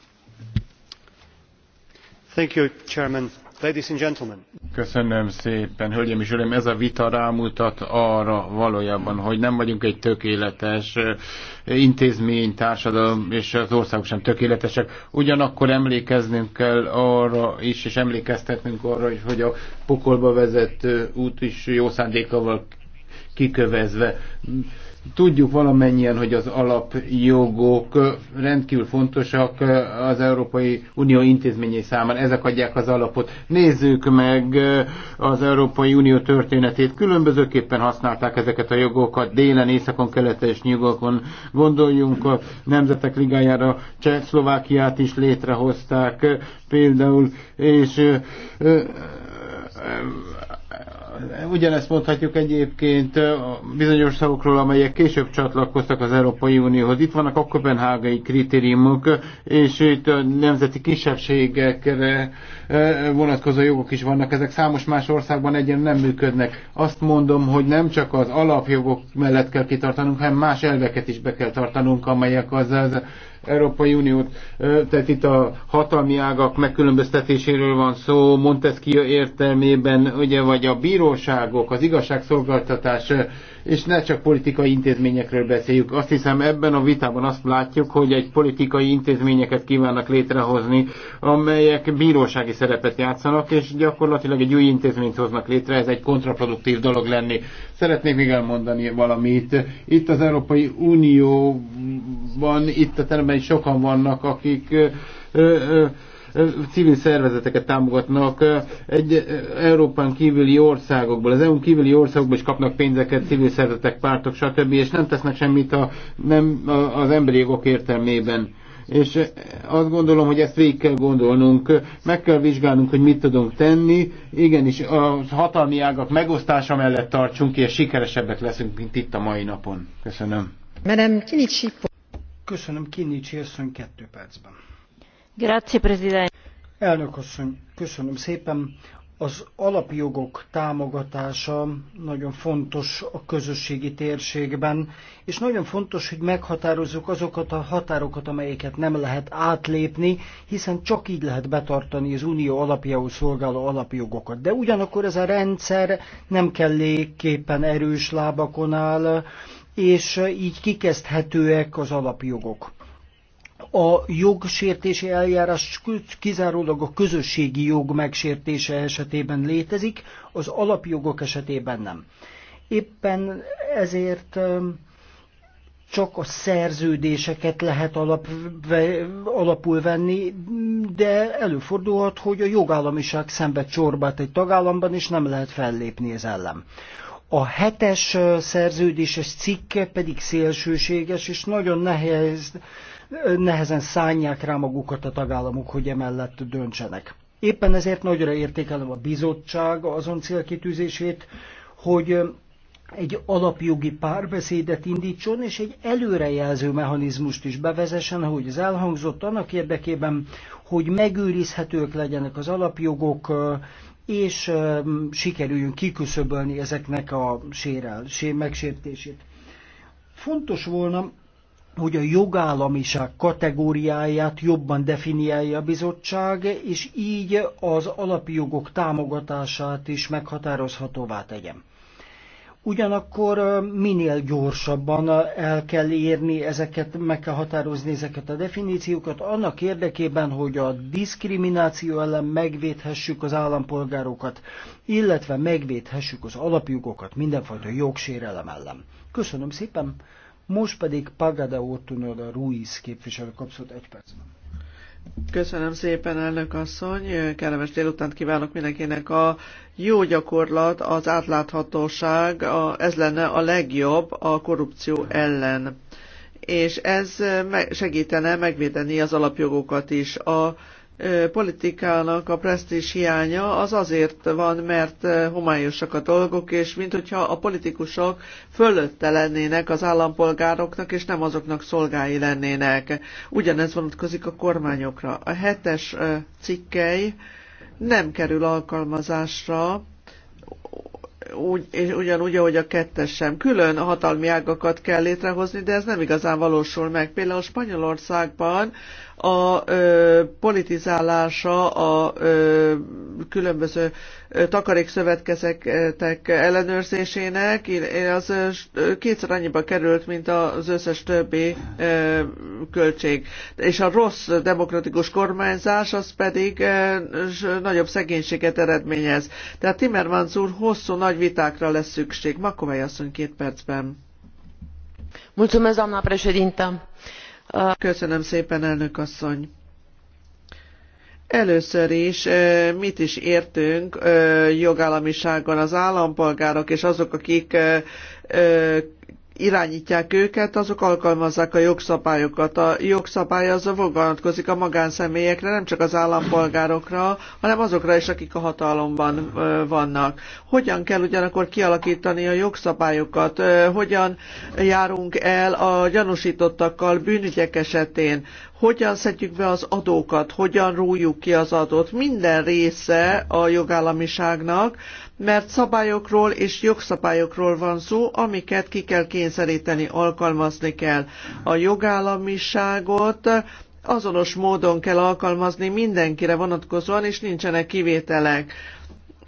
Köszönöm szépen, hölgyeim és uraim, ez a vita rámutat arra valójában, hogy nem vagyunk egy tökéletes eh, intézmény, társadalom és az országok sem tökéletesek. Ugyanakkor emlékeznünk kell arra is, és emlékeztetnünk arra is, hogy a pokolba vezető út is jó szándékkal kikövezve Tudjuk valamennyien, hogy az alapjogok rendkívül fontosak az Európai Unió intézményei számára. Ezek adják az alapot. Nézzük meg az Európai Unió történetét. Különbözőképpen használták ezeket a jogokat délen, északon, keleten és nyugokon. Gondoljunk a Nemzetek Ligájára, Csehszlovákiát is létrehozták például, és Ugyanezt mondhatjuk egyébként bizonyos szavokról, amelyek később csatlakoztak az Európai Unióhoz. Itt vannak a kopenhágai kritériumok, és itt a nemzeti kisebbségekre vonatkozó jogok is vannak. Ezek számos más országban egyen nem működnek. Azt mondom, hogy nem csak az alapjogok mellett kell kitartanunk, hanem más elveket is be kell tartanunk, amelyek az, az Európai Uniót. Tehát itt a hatalmi ágak megkülönböztetéséről van szó, Montesquieu értelmében, ugye, vagy a bíróságok, az igazságszolgáltatás és ne csak politikai intézményekről beszéljük. Azt hiszem ebben a vitában azt látjuk, hogy egy politikai intézményeket kívánnak létrehozni, amelyek bírósági szerepet játszanak, és gyakorlatilag egy új intézményt hoznak létre, ez egy kontraproduktív dolog lenni. Szeretnék még elmondani valamit. Itt az Európai Unióban, itt a teremben sokan vannak, akik ö, ö, civil szervezeteket támogatnak egy Európán kívüli országokból, az eu kívüli országokból is kapnak pénzeket civil szervezetek, pártok, stb. és nem tesznek semmit a, nem, az emberi jogok értelmében és azt gondolom, hogy ezt végig kell gondolnunk, meg kell vizsgálnunk, hogy mit tudunk tenni. Igenis, a hatalmi ágak megosztása mellett tartsunk ki, és sikeresebbek leszünk, mint itt a mai napon. Köszönöm. Madame Köszönöm, Kinicsi, asszony kettő percben. Elnök asszony, köszönöm szépen. Az alapjogok támogatása nagyon fontos a közösségi térségben, és nagyon fontos, hogy meghatározzuk azokat a határokat, amelyeket nem lehet átlépni, hiszen csak így lehet betartani az unió alapjául szolgáló alapjogokat. De ugyanakkor ez a rendszer nem kelléképpen erős lábakon áll, és így kikezdhetőek az alapjogok a jogsértési eljárás kizárólag a közösségi jog megsértése esetében létezik, az alapjogok esetében nem. Éppen ezért csak a szerződéseket lehet alap, alapul venni, de előfordulhat, hogy a jogállamiság szembe csorbát egy tagállamban, és nem lehet fellépni ez ellen. A hetes szerződéses cikke pedig szélsőséges, és nagyon nehéz nehezen szánják rá magukat a tagállamok, hogy emellett döntsenek. Éppen ezért nagyra értékelem a bizottság azon célkitűzését, hogy egy alapjogi párbeszédet indítson, és egy előrejelző mechanizmust is bevezessen, ahogy ez elhangzott, annak érdekében, hogy megőrizhetők legyenek az alapjogok, és sikerüljön kiküszöbölni ezeknek a sérel, megsértését. Fontos volna, hogy a jogállamiság kategóriáját jobban definiálja a bizottság, és így az alapjogok támogatását is meghatározhatóvá tegyem. Ugyanakkor minél gyorsabban el kell érni ezeket, meg kell határozni ezeket a definíciókat, annak érdekében, hogy a diszkrimináció ellen megvédhessük az állampolgárokat, illetve megvédhessük az alapjogokat mindenfajta jogsérelem ellen. Köszönöm szépen! Most pedig Pagada Ortunoda Ruiz képviselő kapszott egy percben. Köszönöm szépen, elnök asszony. Kellemes délutánt kívánok mindenkinek. A jó gyakorlat, az átláthatóság, a, ez lenne a legjobb a korrupció ellen. És ez segítene megvédeni az alapjogokat is. A politikának a presztízs hiánya az azért van, mert homályosak a dolgok, és mint a politikusok fölötte lennének az állampolgároknak, és nem azoknak szolgái lennének. Ugyanez vonatkozik a kormányokra. A hetes cikkei nem kerül alkalmazásra, úgy, és ugyanúgy, ahogy a kettes sem. Külön hatalmi ágakat kell létrehozni, de ez nem igazán valósul meg. Például Spanyolországban a ö, politizálása a ö, különböző takarékszövetkezetek ellenőrzésének, az kétszer annyiba került, mint az összes többi költség. És a rossz demokratikus kormányzás az pedig nagyobb szegénységet eredményez. Tehát Timmermans úr hosszú nagy vitákra lesz szükség. Makovely asszony két percben. Mulțumesc, doamna președintă Köszönöm szépen, elnök asszony! Először is mit is értünk jogállamisággal az állampolgárok és azok, akik irányítják őket, azok alkalmazzák a jogszabályokat. A jogszabály az a vonatkozik a magánszemélyekre, nem csak az állampolgárokra, hanem azokra is, akik a hatalomban vannak. Hogyan kell ugyanakkor kialakítani a jogszabályokat? Hogyan járunk el a gyanúsítottakkal bűnügyek esetén? Hogyan szedjük be az adókat? Hogyan rújjuk ki az adót? Minden része a jogállamiságnak, mert szabályokról és jogszabályokról van szó, amiket ki kell kényszeríteni, alkalmazni kell. A jogállamiságot azonos módon kell alkalmazni mindenkire vonatkozóan, és nincsenek kivételek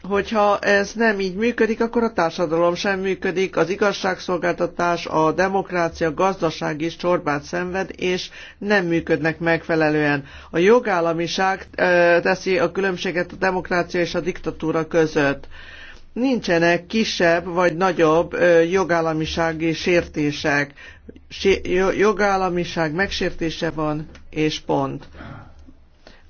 hogyha ez nem így működik, akkor a társadalom sem működik, az igazságszolgáltatás, a demokrácia, a gazdaság is csorbát szenved, és nem működnek megfelelően. A jogállamiság eh, teszi a különbséget a demokrácia és a diktatúra között nincsenek kisebb vagy nagyobb jogállamisági sértések. Jogállamiság megsértése van, és pont.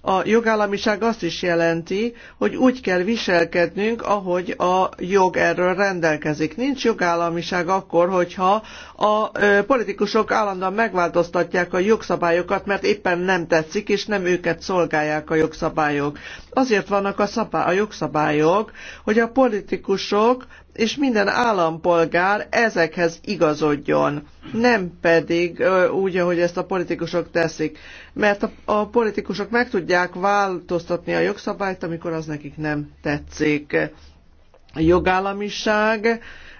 A jogállamiság azt is jelenti, hogy úgy kell viselkednünk, ahogy a jog erről rendelkezik. Nincs jogállamiság akkor, hogyha a politikusok állandóan megváltoztatják a jogszabályokat, mert éppen nem tetszik, és nem őket szolgálják a jogszabályok. Azért vannak a, szabály, a jogszabályok, hogy a politikusok és minden állampolgár ezekhez igazodjon, nem pedig úgy, ahogy ezt a politikusok teszik. Mert a, a politikusok meg tudják változtatni a jogszabályt, amikor az nekik nem tetszik. A jogállamiság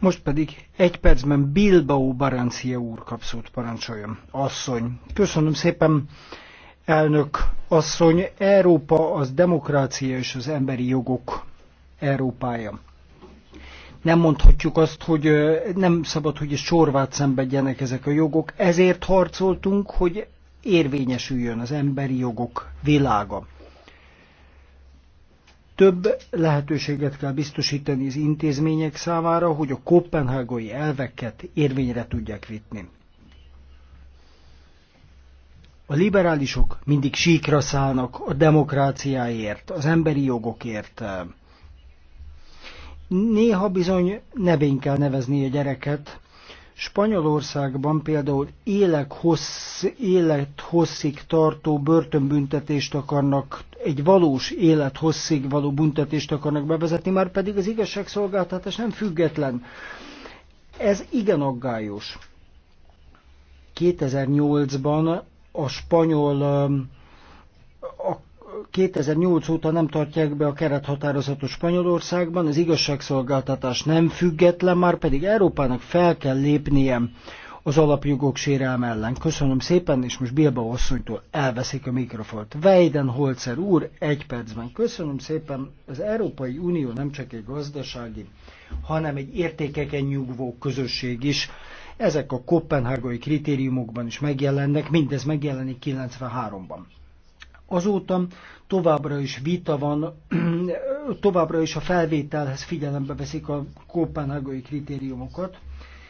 Most pedig egy percben Bilbao Barancia úr kapszót parancsoljon. Asszony. Köszönöm szépen, elnök asszony. Európa az demokrácia és az emberi jogok Európája. Nem mondhatjuk azt, hogy nem szabad, hogy sorvát szenvedjenek ezek a jogok. Ezért harcoltunk, hogy érvényesüljön az emberi jogok világa több lehetőséget kell biztosítani az intézmények számára, hogy a kopenhágai elveket érvényre tudják vitni. A liberálisok mindig síkra szállnak a demokráciáért, az emberi jogokért. Néha bizony nevén kell nevezni a gyereket, Spanyolországban például élek hossz, élethosszig tartó börtönbüntetést akarnak, egy valós élethosszig való büntetést akarnak bevezetni, már pedig az igazságszolgáltatás nem független. Ez igen aggályos. 2008-ban a spanyol um, 2008 óta nem tartják be a kerethatározatot Spanyolországban, az igazságszolgáltatás nem független, már pedig Európának fel kell lépnie az alapjogok sérelme ellen. Köszönöm szépen, és most Bilba asszonytól elveszik a mikrofont. Weiden Holzer úr, egy percben. Köszönöm szépen, az Európai Unió nem csak egy gazdasági, hanem egy értékeken nyugvó közösség is. Ezek a kopenhágai kritériumokban is megjelennek, mindez megjelenik 93-ban. Azóta továbbra is vita van, továbbra is a felvételhez figyelembe veszik a kopenhágai kritériumokat,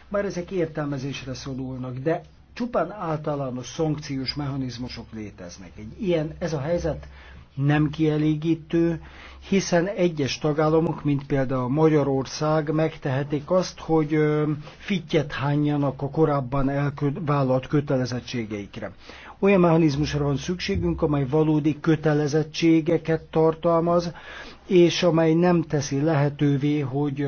bár ezek értelmezésre szorulnak, de csupán általános szankciós mechanizmusok léteznek. Egy ilyen, ez a helyzet nem kielégítő, hiszen egyes tagállamok, mint például Magyarország, megtehetik azt, hogy fittyet hányjanak a korábban elvállalt kötelezettségeikre. Olyan mechanizmusra van szükségünk, amely valódi kötelezettségeket tartalmaz, és amely nem teszi lehetővé, hogy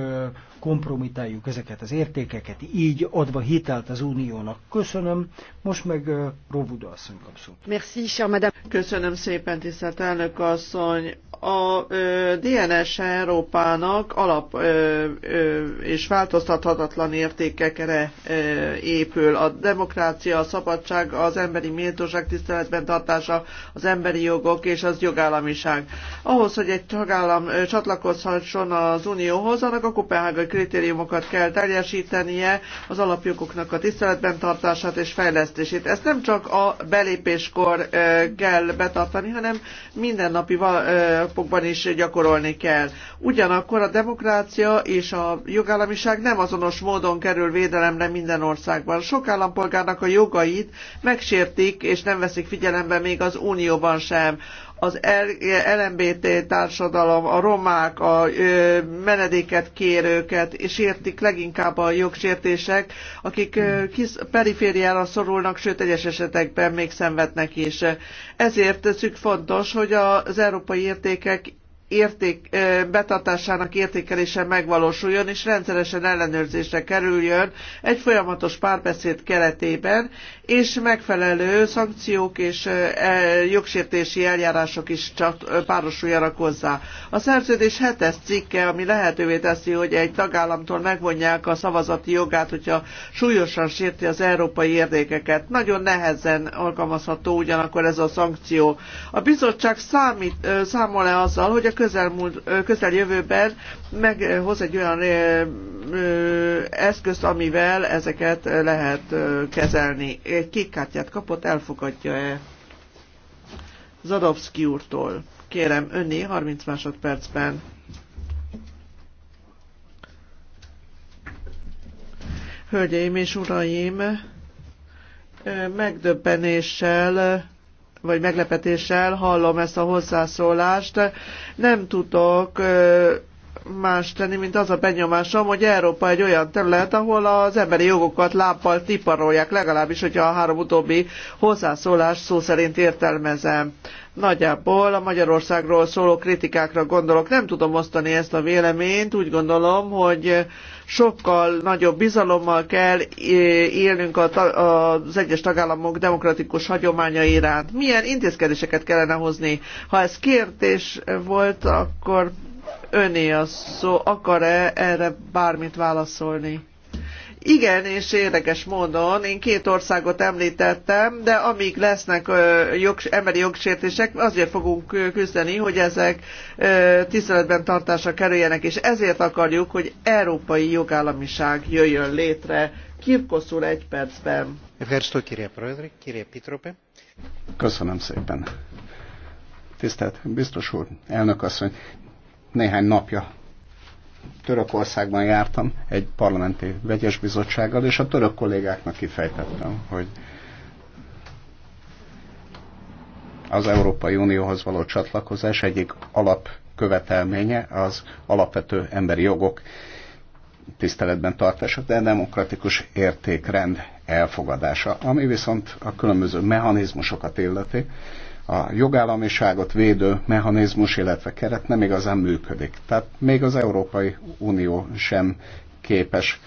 kompromitáljuk ezeket az értékeket, így adva hitelt az uniónak. Köszönöm, most meg uh, Rovuda asszony kapszót. Merci, cher madame. Köszönöm szépen, tisztelt elnök asszony. A ö, DNS Európának alap ö, ö, és változtathatatlan értékekre ö, épül. A demokrácia, a szabadság, az emberi méltóság tiszteletben tartása, az emberi jogok és az jogállamiság. Ahhoz, hogy egy tagállam ö, csatlakozhasson az unióhoz, annak a Kopenhága kritériumokat kell teljesítenie, az alapjogoknak a tiszteletben tartását és fejlesztését. Ezt nem csak a belépéskor kell betartani, hanem mindennapi napokban is gyakorolni kell. Ugyanakkor a demokrácia és a jogállamiság nem azonos módon kerül védelemre minden országban. Sok állampolgárnak a jogait megsértik és nem veszik figyelembe még az unióban sem az LMBT társadalom, a romák, a menedéket kérőket, és értik leginkább a jogsértések, akik kis perifériára szorulnak, sőt egyes esetekben még szenvednek is. Ezért szük fontos, hogy az európai értékek érték, betartásának értékelése megvalósuljon és rendszeresen ellenőrzésre kerüljön egy folyamatos párbeszéd keretében, és megfelelő szankciók és e, jogsértési eljárások is csak párosuljanak hozzá. A szerződés hetes cikke, ami lehetővé teszi, hogy egy tagállamtól megvonják a szavazati jogát, hogyha súlyosan sérti az európai érdekeket. Nagyon nehezen alkalmazható ugyanakkor ez a szankció. A bizottság számít, számol-e azzal, hogy a közelmúlt, közeljövőben meghoz egy olyan eszközt, amivel ezeket lehet kezelni. Egy kék kártyát kapott, elfogadja-e Zadovszki úrtól? Kérem, önné 30 másodpercben. Hölgyeim és uraim, megdöbbenéssel vagy meglepetéssel hallom ezt a hozzászólást. Nem tudok más tenni, mint az a benyomásom, hogy Európa egy olyan terület, ahol az emberi jogokat lábbal tiparolják, legalábbis, hogyha a három utóbbi hozzászólást szó szerint értelmezem. Nagyjából a Magyarországról szóló kritikákra gondolok. Nem tudom osztani ezt a véleményt, úgy gondolom, hogy sokkal nagyobb bizalommal kell élnünk az egyes tagállamok demokratikus hagyománya iránt. Milyen intézkedéseket kellene hozni? Ha ez kérdés volt, akkor öné a szó. Akar-e erre bármit válaszolni? Igen, és érdekes módon én két országot említettem, de amíg lesznek jogs, emberi jogsértések, azért fogunk küzdeni, hogy ezek tiszteletben tartásra kerüljenek, és ezért akarjuk, hogy európai jogállamiság jöjjön létre. Kirkosz egy percben. Köszönöm szépen. Tisztelt biztos úr, elnök asszony, néhány napja Törökországban jártam egy parlamenti vegyes bizottsággal, és a török kollégáknak kifejtettem, hogy az Európai Unióhoz való csatlakozás egyik alapkövetelménye az alapvető emberi jogok tiszteletben tartása, de demokratikus értékrend elfogadása, ami viszont a különböző mechanizmusokat illeti, a jogállamiságot védő mechanizmus, illetve keret nem igazán működik. Tehát még az Európai Unió sem képes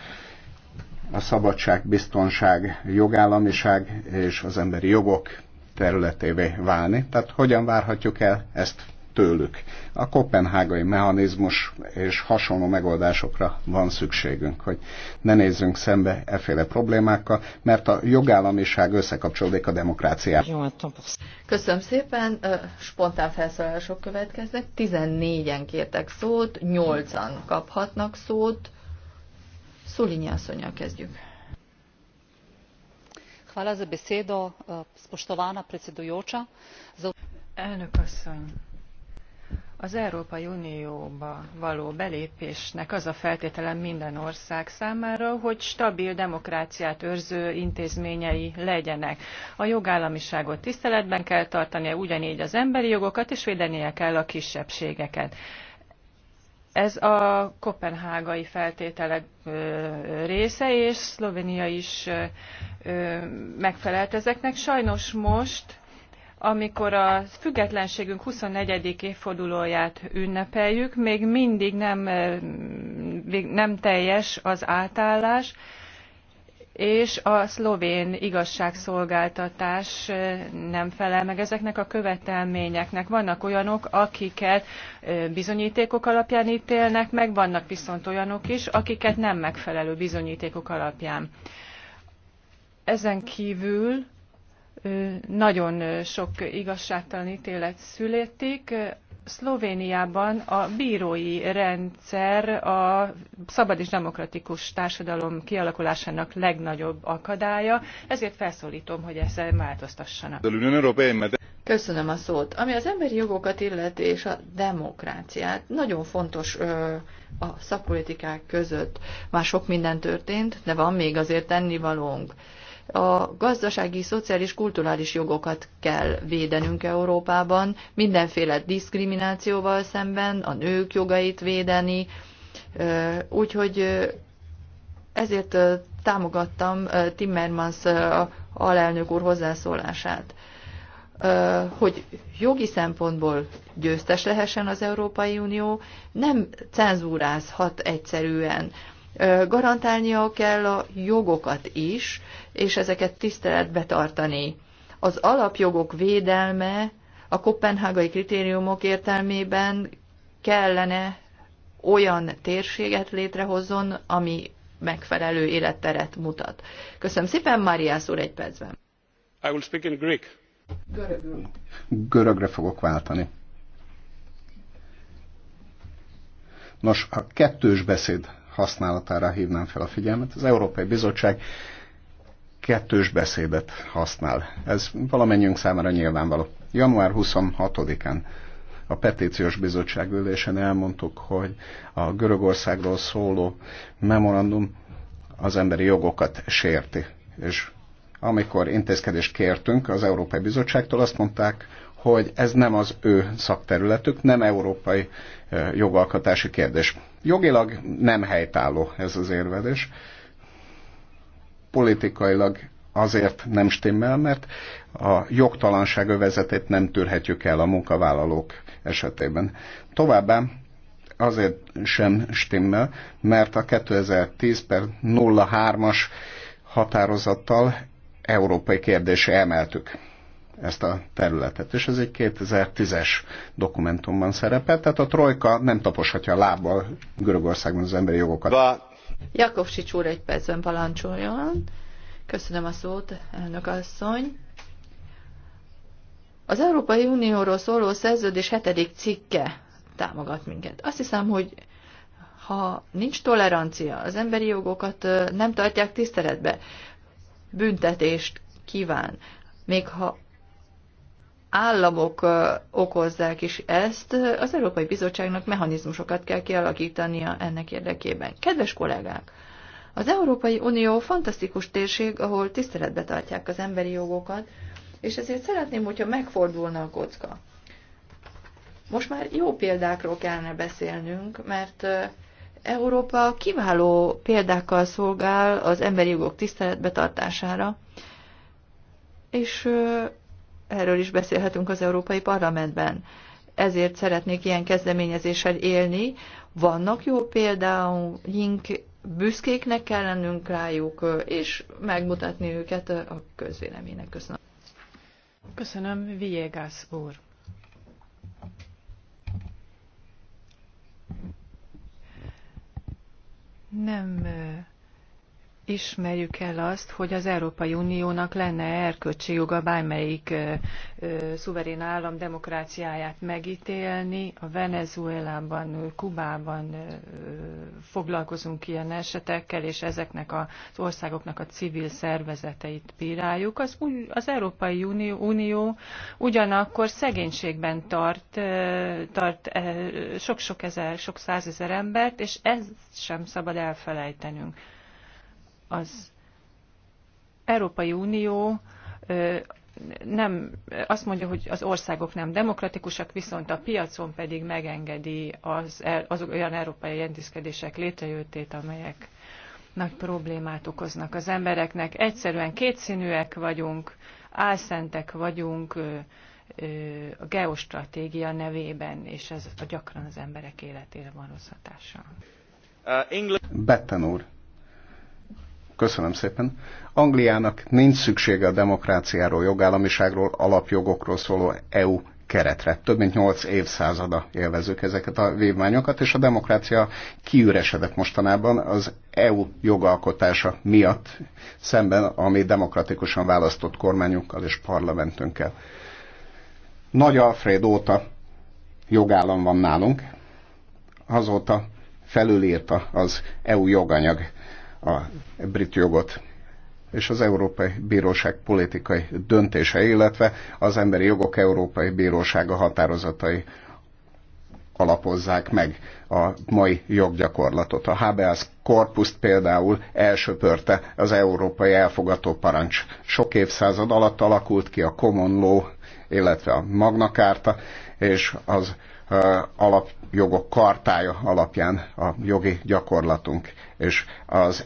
a szabadság, biztonság, jogállamiság és az emberi jogok területévé válni. Tehát hogyan várhatjuk el ezt tőlük. A kopenhágai mechanizmus és hasonló megoldásokra van szükségünk, hogy ne nézzünk szembe eféle problémákkal, mert a jogállamiság összekapcsolódik a demokráciával. Köszönöm szépen, spontán felszólalások következnek. 14-en kértek szót, 8-an kaphatnak szót. Szulinyi asszonyjal kezdjük spoštovana predsedujoča elnök asszony! Az Európai Unióba való belépésnek az a feltétele minden ország számára, hogy stabil demokráciát őrző intézményei legyenek. A jogállamiságot tiszteletben kell tartania, ugyanígy az emberi jogokat, és védenie kell a kisebbségeket. Ez a kopenhágai feltételek része, és Szlovénia is megfelelt ezeknek. Sajnos most amikor a függetlenségünk 24. évfordulóját ünnepeljük, még mindig nem, eh, nem teljes az átállás, és a szlovén igazságszolgáltatás eh, nem felel meg ezeknek a követelményeknek. Vannak olyanok, akiket eh, bizonyítékok alapján ítélnek meg, vannak viszont olyanok is, akiket nem megfelelő bizonyítékok alapján. Ezen kívül nagyon sok igazságtalan ítélet születik. Szlovéniában a bírói rendszer a szabad és demokratikus társadalom kialakulásának legnagyobb akadálya, ezért felszólítom, hogy ezzel változtassanak. Köszönöm a szót. Ami az emberi jogokat illeti és a demokráciát, nagyon fontos ö, a szakpolitikák között. Már sok minden történt, de van még azért tennivalónk a gazdasági, szociális, kulturális jogokat kell védenünk Európában, mindenféle diszkriminációval szemben, a nők jogait védeni, úgyhogy ezért támogattam Timmermans alelnök úr hozzászólását hogy jogi szempontból győztes lehessen az Európai Unió, nem cenzúrázhat egyszerűen garantálnia kell a jogokat is, és ezeket tiszteletbe tartani. Az alapjogok védelme a kopenhágai kritériumok értelmében kellene olyan térséget létrehozzon, ami megfelelő életteret mutat. Köszönöm szépen, Máriász úr, egy percben. I will speak in Greek. Görögül. Görögre fogok váltani. Nos, a kettős beszéd használatára hívnám fel a figyelmet. Az Európai Bizottság kettős beszédet használ. Ez valamennyiünk számára nyilvánvaló. Január 26-án a petíciós bizottság ülésen elmondtuk, hogy a Görögországról szóló memorandum az emberi jogokat sérti. És amikor intézkedést kértünk az Európai Bizottságtól, azt mondták, hogy ez nem az ő szakterületük, nem európai jogalkotási kérdés. Jogilag nem helytálló ez az érvedés. Politikailag azért nem stimmel, mert a jogtalanság övezetét nem tűrhetjük el a munkavállalók esetében. Továbbá azért sem stimmel, mert a 2010 per 03-as határozattal európai kérdésre emeltük ezt a területet. És ez egy 2010-es dokumentumban szerepel, tehát a trojka nem taposhatja a lábbal Görögországban az emberi jogokat. Ba. Sics úr egy percben palancsoljon. Köszönöm a szót, elnök asszony. Az Európai Unióról szóló szerződés hetedik cikke támogat minket. Azt hiszem, hogy ha nincs tolerancia, az emberi jogokat nem tartják tiszteletbe, büntetést kíván, még ha államok okozzák is ezt, az Európai Bizottságnak mechanizmusokat kell kialakítania ennek érdekében. Kedves kollégák! Az Európai Unió fantasztikus térség, ahol tiszteletbe tartják az emberi jogokat, és ezért szeretném, hogyha megfordulna a kocka. Most már jó példákról kellene beszélnünk, mert Európa kiváló példákkal szolgál az emberi jogok tiszteletbetartására, és erről is beszélhetünk az Európai Parlamentben. Ezért szeretnék ilyen kezdeményezéssel élni. Vannak jó példáink, büszkéknek kell lennünk rájuk, és megmutatni őket a közvéleménynek. Köszönöm. Köszönöm, Viegas úr. Nem ismerjük el azt, hogy az Európai Uniónak lenne erkölcsi joga bármelyik ö, ö, szuverén állam demokráciáját megítélni. A Venezuelában, Kubában ö, foglalkozunk ilyen esetekkel, és ezeknek az országoknak a civil szervezeteit bíráljuk. Az, az Európai Unió, Unió ugyanakkor szegénységben tart, tart sok-sok ezer, sok százezer embert, és ezt sem szabad elfelejtenünk az Európai Unió nem, azt mondja, hogy az országok nem demokratikusak, viszont a piacon pedig megengedi az, az olyan európai rendezkedések létrejöttét, amelyek nagy problémát okoznak az embereknek. Egyszerűen kétszínűek vagyunk, álszentek vagyunk a geostratégia nevében, és ez a gyakran az emberek életére van rossz hatással. Uh, Betten úr. Köszönöm szépen. Angliának nincs szüksége a demokráciáról, jogállamiságról, alapjogokról szóló EU keretre. Több mint 8 évszázada élvezők ezeket a vívmányokat, és a demokrácia kiüresedett mostanában az EU jogalkotása miatt szemben a mi demokratikusan választott kormányunkkal és parlamentünkkel. Nagy Alfred óta jogállam van nálunk, azóta felülírta az EU joganyag a brit jogot és az Európai Bíróság politikai döntése, illetve az Emberi Jogok Európai Bírósága határozatai alapozzák meg a mai joggyakorlatot. A HBS korpuszt például elsöpörte az európai elfogató parancs. Sok évszázad alatt alakult ki a common law, illetve a magna carta, és az alapjogok kartája alapján a jogi gyakorlatunk, és az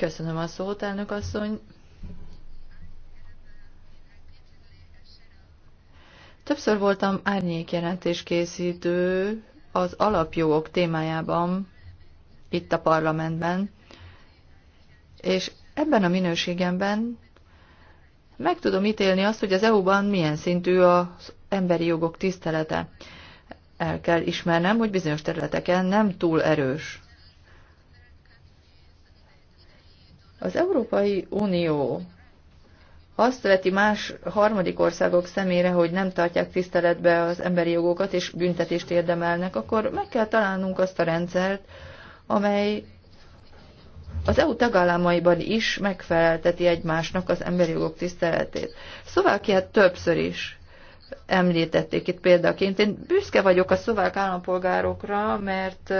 Köszönöm a szót, elnök asszony. Többször voltam árnyékjelentés készítő az alapjogok témájában itt a parlamentben, és ebben a minőségemben meg tudom ítélni azt, hogy az EU-ban milyen szintű az emberi jogok tisztelete. El kell ismernem, hogy bizonyos területeken nem túl erős. Az Európai Unió azt veti más harmadik országok szemére, hogy nem tartják tiszteletbe az emberi jogokat és büntetést érdemelnek, akkor meg kell találnunk azt a rendszert, amely az EU tagállamaiban is megfelelteti egymásnak az emberi jogok tiszteletét. Szlovákiát többször is említették itt példaként. Én büszke vagyok a szlovák állampolgárokra, mert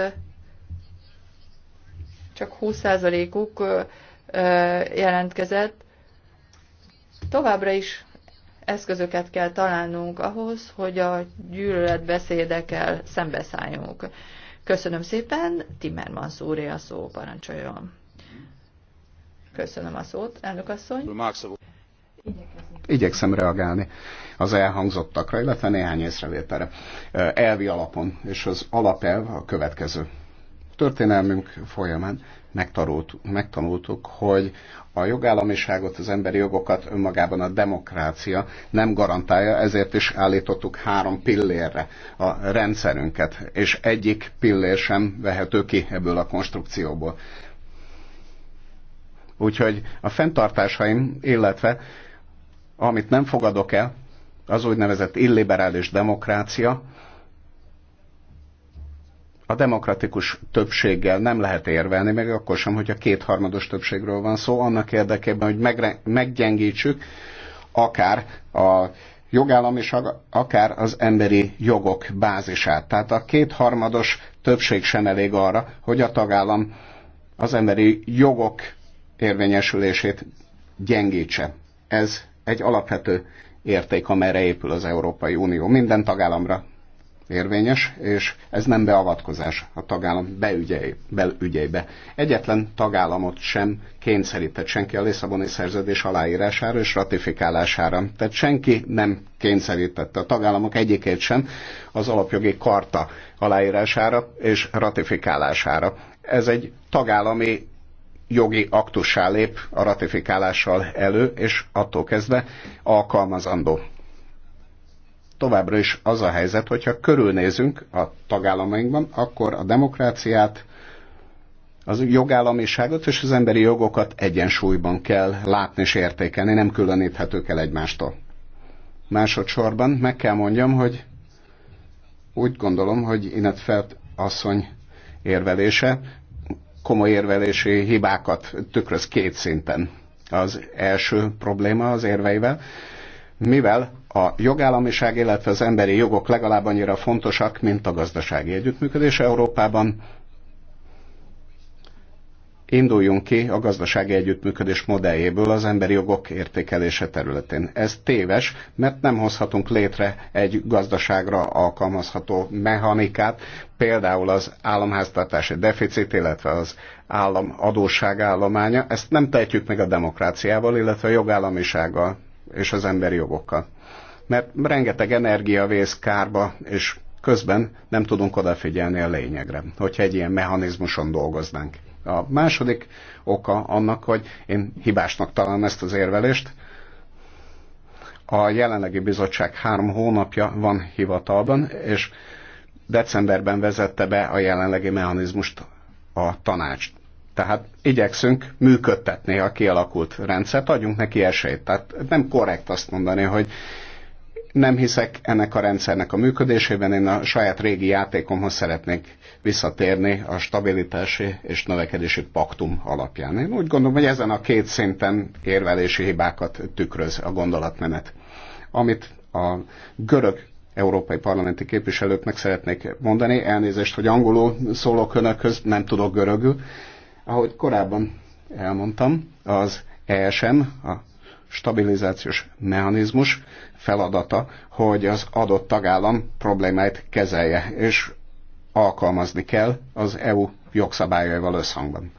csak 20%-uk jelentkezett. Továbbra is eszközöket kell találnunk ahhoz, hogy a gyűlöletbeszédekkel szembeszálljunk. Köszönöm szépen, Timmermans úré a szó, parancsoljon. Köszönöm a szót, elnök asszony. Igyekszem reagálni az elhangzottakra, illetve néhány észrevételre. Elvi alapon, és az alapelv a következő. Történelmünk folyamán megtanultuk, hogy a jogállamiságot, az emberi jogokat önmagában a demokrácia nem garantálja, ezért is állítottuk három pillérre a rendszerünket, és egyik pillér sem vehető ki ebből a konstrukcióból. Úgyhogy a fenntartásaim, illetve amit nem fogadok el, az úgynevezett illiberális demokrácia, a demokratikus többséggel nem lehet érvelni, meg akkor sem, hogyha kétharmados többségről van szó, annak érdekében, hogy meggyengítsük akár a jogállam és akár az emberi jogok bázisát. Tehát a kétharmados többség sem elég arra, hogy a tagállam az emberi jogok érvényesülését gyengítse. Ez egy alapvető érték, amelyre épül az Európai Unió. Minden tagállamra érvényes, és ez nem beavatkozás a tagállam beügyei, belügyeibe. Egyetlen tagállamot sem kényszerített senki a Lisszaboni szerződés aláírására és ratifikálására. Tehát senki nem kényszerítette a tagállamok egyikét sem az alapjogi karta aláírására és ratifikálására. Ez egy tagállami jogi aktussá lép a ratifikálással elő, és attól kezdve alkalmazandó továbbra is az a helyzet, hogyha körülnézünk a tagállamainkban, akkor a demokráciát, az jogállamiságot és az emberi jogokat egyensúlyban kell látni és értékelni, nem különíthetők el egymástól. Másodszorban meg kell mondjam, hogy úgy gondolom, hogy Felt asszony érvelése komoly érvelési hibákat tükröz két szinten. Az első probléma az érveivel, mivel a jogállamiság, illetve az emberi jogok legalább annyira fontosak, mint a gazdasági együttműködés Európában. Induljunk ki a gazdasági együttműködés modelljéből az emberi jogok értékelése területén. Ez téves, mert nem hozhatunk létre egy gazdaságra alkalmazható mechanikát, például az államháztartási deficit, illetve az állam adósságállománya. Ezt nem tehetjük meg a demokráciával, illetve a jogállamisággal és az emberi jogokkal mert rengeteg energia vész kárba, és közben nem tudunk odafigyelni a lényegre, hogyha egy ilyen mechanizmuson dolgoznánk. A második oka annak, hogy én hibásnak találom ezt az érvelést, a jelenlegi bizottság három hónapja van hivatalban, és decemberben vezette be a jelenlegi mechanizmust a tanács. Tehát igyekszünk működtetni a kialakult rendszert, adjunk neki esélyt. Tehát nem korrekt azt mondani, hogy nem hiszek ennek a rendszernek a működésében, én a saját régi játékomhoz szeretnék visszatérni a stabilitási és növekedési paktum alapján. Én úgy gondolom, hogy ezen a két szinten érvelési hibákat tükröz a gondolatmenet. Amit a görög európai parlamenti képviselőknek szeretnék mondani, elnézést, hogy angolul szólok önökhöz, nem tudok görögül. Ahogy korábban elmondtam, az ESM, a stabilizációs mechanizmus feladata, hogy az adott tagállam problémáit kezelje, és alkalmazni kell az EU jogszabályaival összhangban.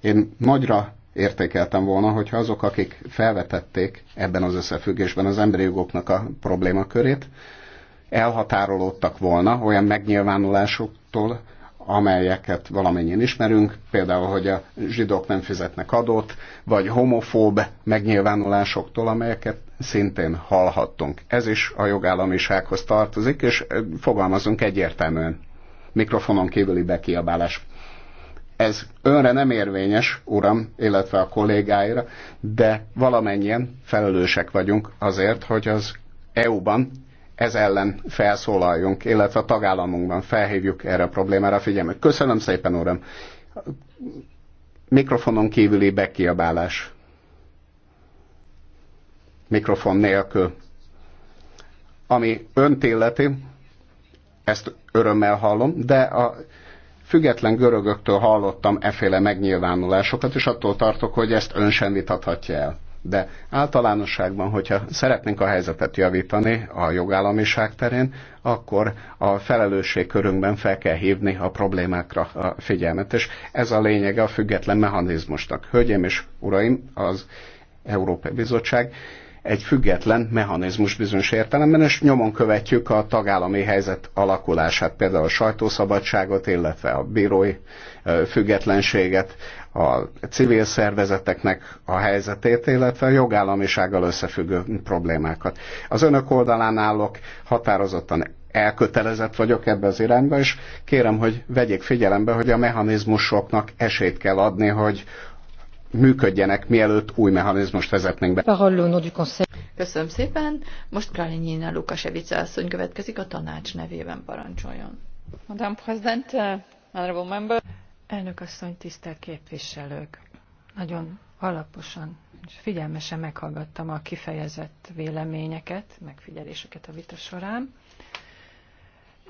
Én nagyra értékeltem volna, hogyha azok, akik felvetették ebben az összefüggésben az emberi jogoknak a problémakörét, elhatárolódtak volna olyan megnyilvánulásoktól, amelyeket valamennyien ismerünk, például, hogy a zsidók nem fizetnek adót, vagy homofób megnyilvánulásoktól, amelyeket szintén hallhattunk. Ez is a jogállamisághoz tartozik, és fogalmazunk egyértelműen. Mikrofonon kívüli bekiabálás. Ez önre nem érvényes, uram, illetve a kollégáira, de valamennyien felelősek vagyunk azért, hogy az EU-ban ez ellen felszólaljunk, illetve a tagállamunkban felhívjuk erre a problémára a figyelmet. Köszönöm szépen, uram. Mikrofonon kívüli bekiabálás. Mikrofon nélkül. Ami önt illeti, ezt örömmel hallom, de a független görögöktől hallottam eféle megnyilvánulásokat, és attól tartok, hogy ezt ön sem vitathatja el. De általánosságban, hogyha szeretnénk a helyzetet javítani a jogállamiság terén, akkor a körünkben fel kell hívni a problémákra a figyelmet, és ez a lényege a független mechanizmusnak. Hölgyeim és uraim, az Európai Bizottság egy független mechanizmus bizonyos értelemben, és nyomon követjük a tagállami helyzet alakulását, például a sajtószabadságot, illetve a bírói függetlenséget, a civil szervezeteknek a helyzetét, illetve a jogállamisággal összefüggő problémákat. Az önök oldalán állok, határozottan elkötelezett vagyok ebbe az irányba, és kérem, hogy vegyék figyelembe, hogy a mechanizmusoknak esélyt kell adni, hogy működjenek, mielőtt új mechanizmust vezetnénk be. Köszönöm szépen. Most Pralinina Lukasevice asszony következik a tanács nevében parancsoljon. Madame President, uh, honorable member. Elnök asszony, tisztelt képviselők! Nagyon alaposan és figyelmesen meghallgattam a kifejezett véleményeket, megfigyeléseket a vita során.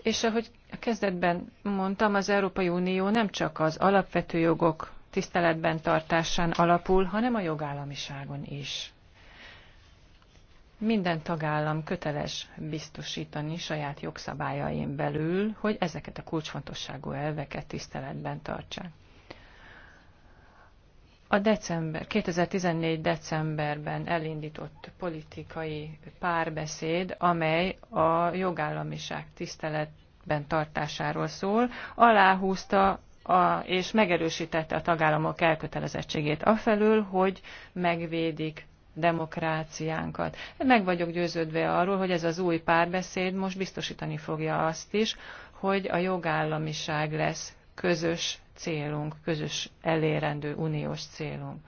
És ahogy a kezdetben mondtam, az Európai Unió nem csak az alapvető jogok tiszteletben tartásán alapul, hanem a jogállamiságon is. Minden tagállam köteles biztosítani saját jogszabályain belül, hogy ezeket a kulcsfontosságú elveket tiszteletben tartsák. A december, 2014. decemberben elindított politikai párbeszéd, amely a jogállamiság tiszteletben tartásáról szól, aláhúzta a, és megerősítette a tagállamok elkötelezettségét afelől, hogy megvédik demokráciánkat. Meg vagyok győződve arról, hogy ez az új párbeszéd most biztosítani fogja azt is, hogy a jogállamiság lesz közös célunk, közös elérendő uniós célunk.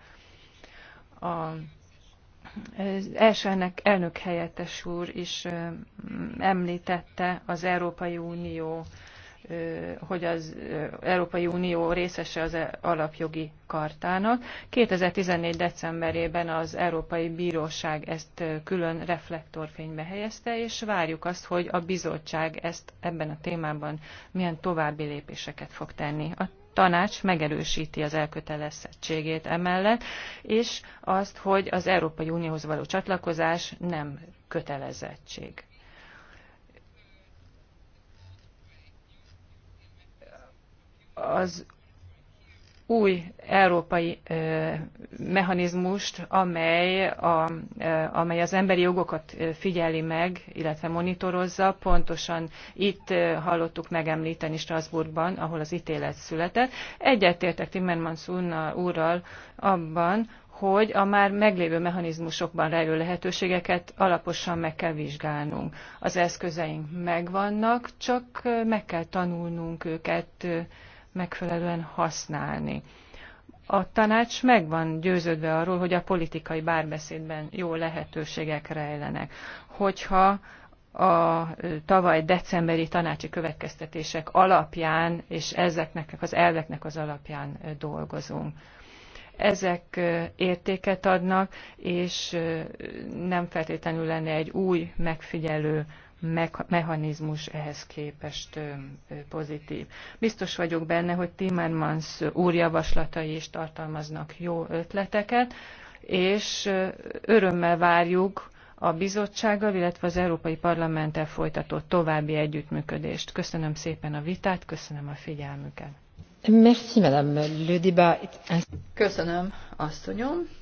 A első ennek elnök helyettes úr is említette az Európai Unió hogy az Európai Unió részese az e- alapjogi kartának. 2014. decemberében az Európai Bíróság ezt külön reflektorfénybe helyezte, és várjuk azt, hogy a bizottság ezt ebben a témában milyen további lépéseket fog tenni. A tanács megerősíti az elkötelezettségét emellett, és azt, hogy az Európai Unióhoz való csatlakozás nem kötelezettség. az új európai mechanizmust, amely, a, amely az emberi jogokat figyeli meg, illetve monitorozza. Pontosan itt hallottuk megemlíteni Strasbourgban, ahol az ítélet született. Egyetértek Timmermans úrral abban, hogy a már meglévő mechanizmusokban rejlő lehetőségeket alaposan meg kell vizsgálnunk. Az eszközeink megvannak, csak meg kell tanulnunk őket megfelelően használni. A tanács meg van győződve arról, hogy a politikai bárbeszédben jó lehetőségek rejlenek. Hogyha a tavaly decemberi tanácsi következtetések alapján és ezeknek az elveknek az alapján dolgozunk. Ezek értéket adnak, és nem feltétlenül lenne egy új megfigyelő mechanizmus ehhez képest pozitív. Biztos vagyok benne, hogy Timmermans úr javaslatai is tartalmaznak jó ötleteket, és örömmel várjuk a bizottsággal, illetve az Európai Parlamenttel folytatott további együttműködést. Köszönöm szépen a vitát, köszönöm a figyelmüket. Merci, madame. Le débat Köszönöm, asszonyom.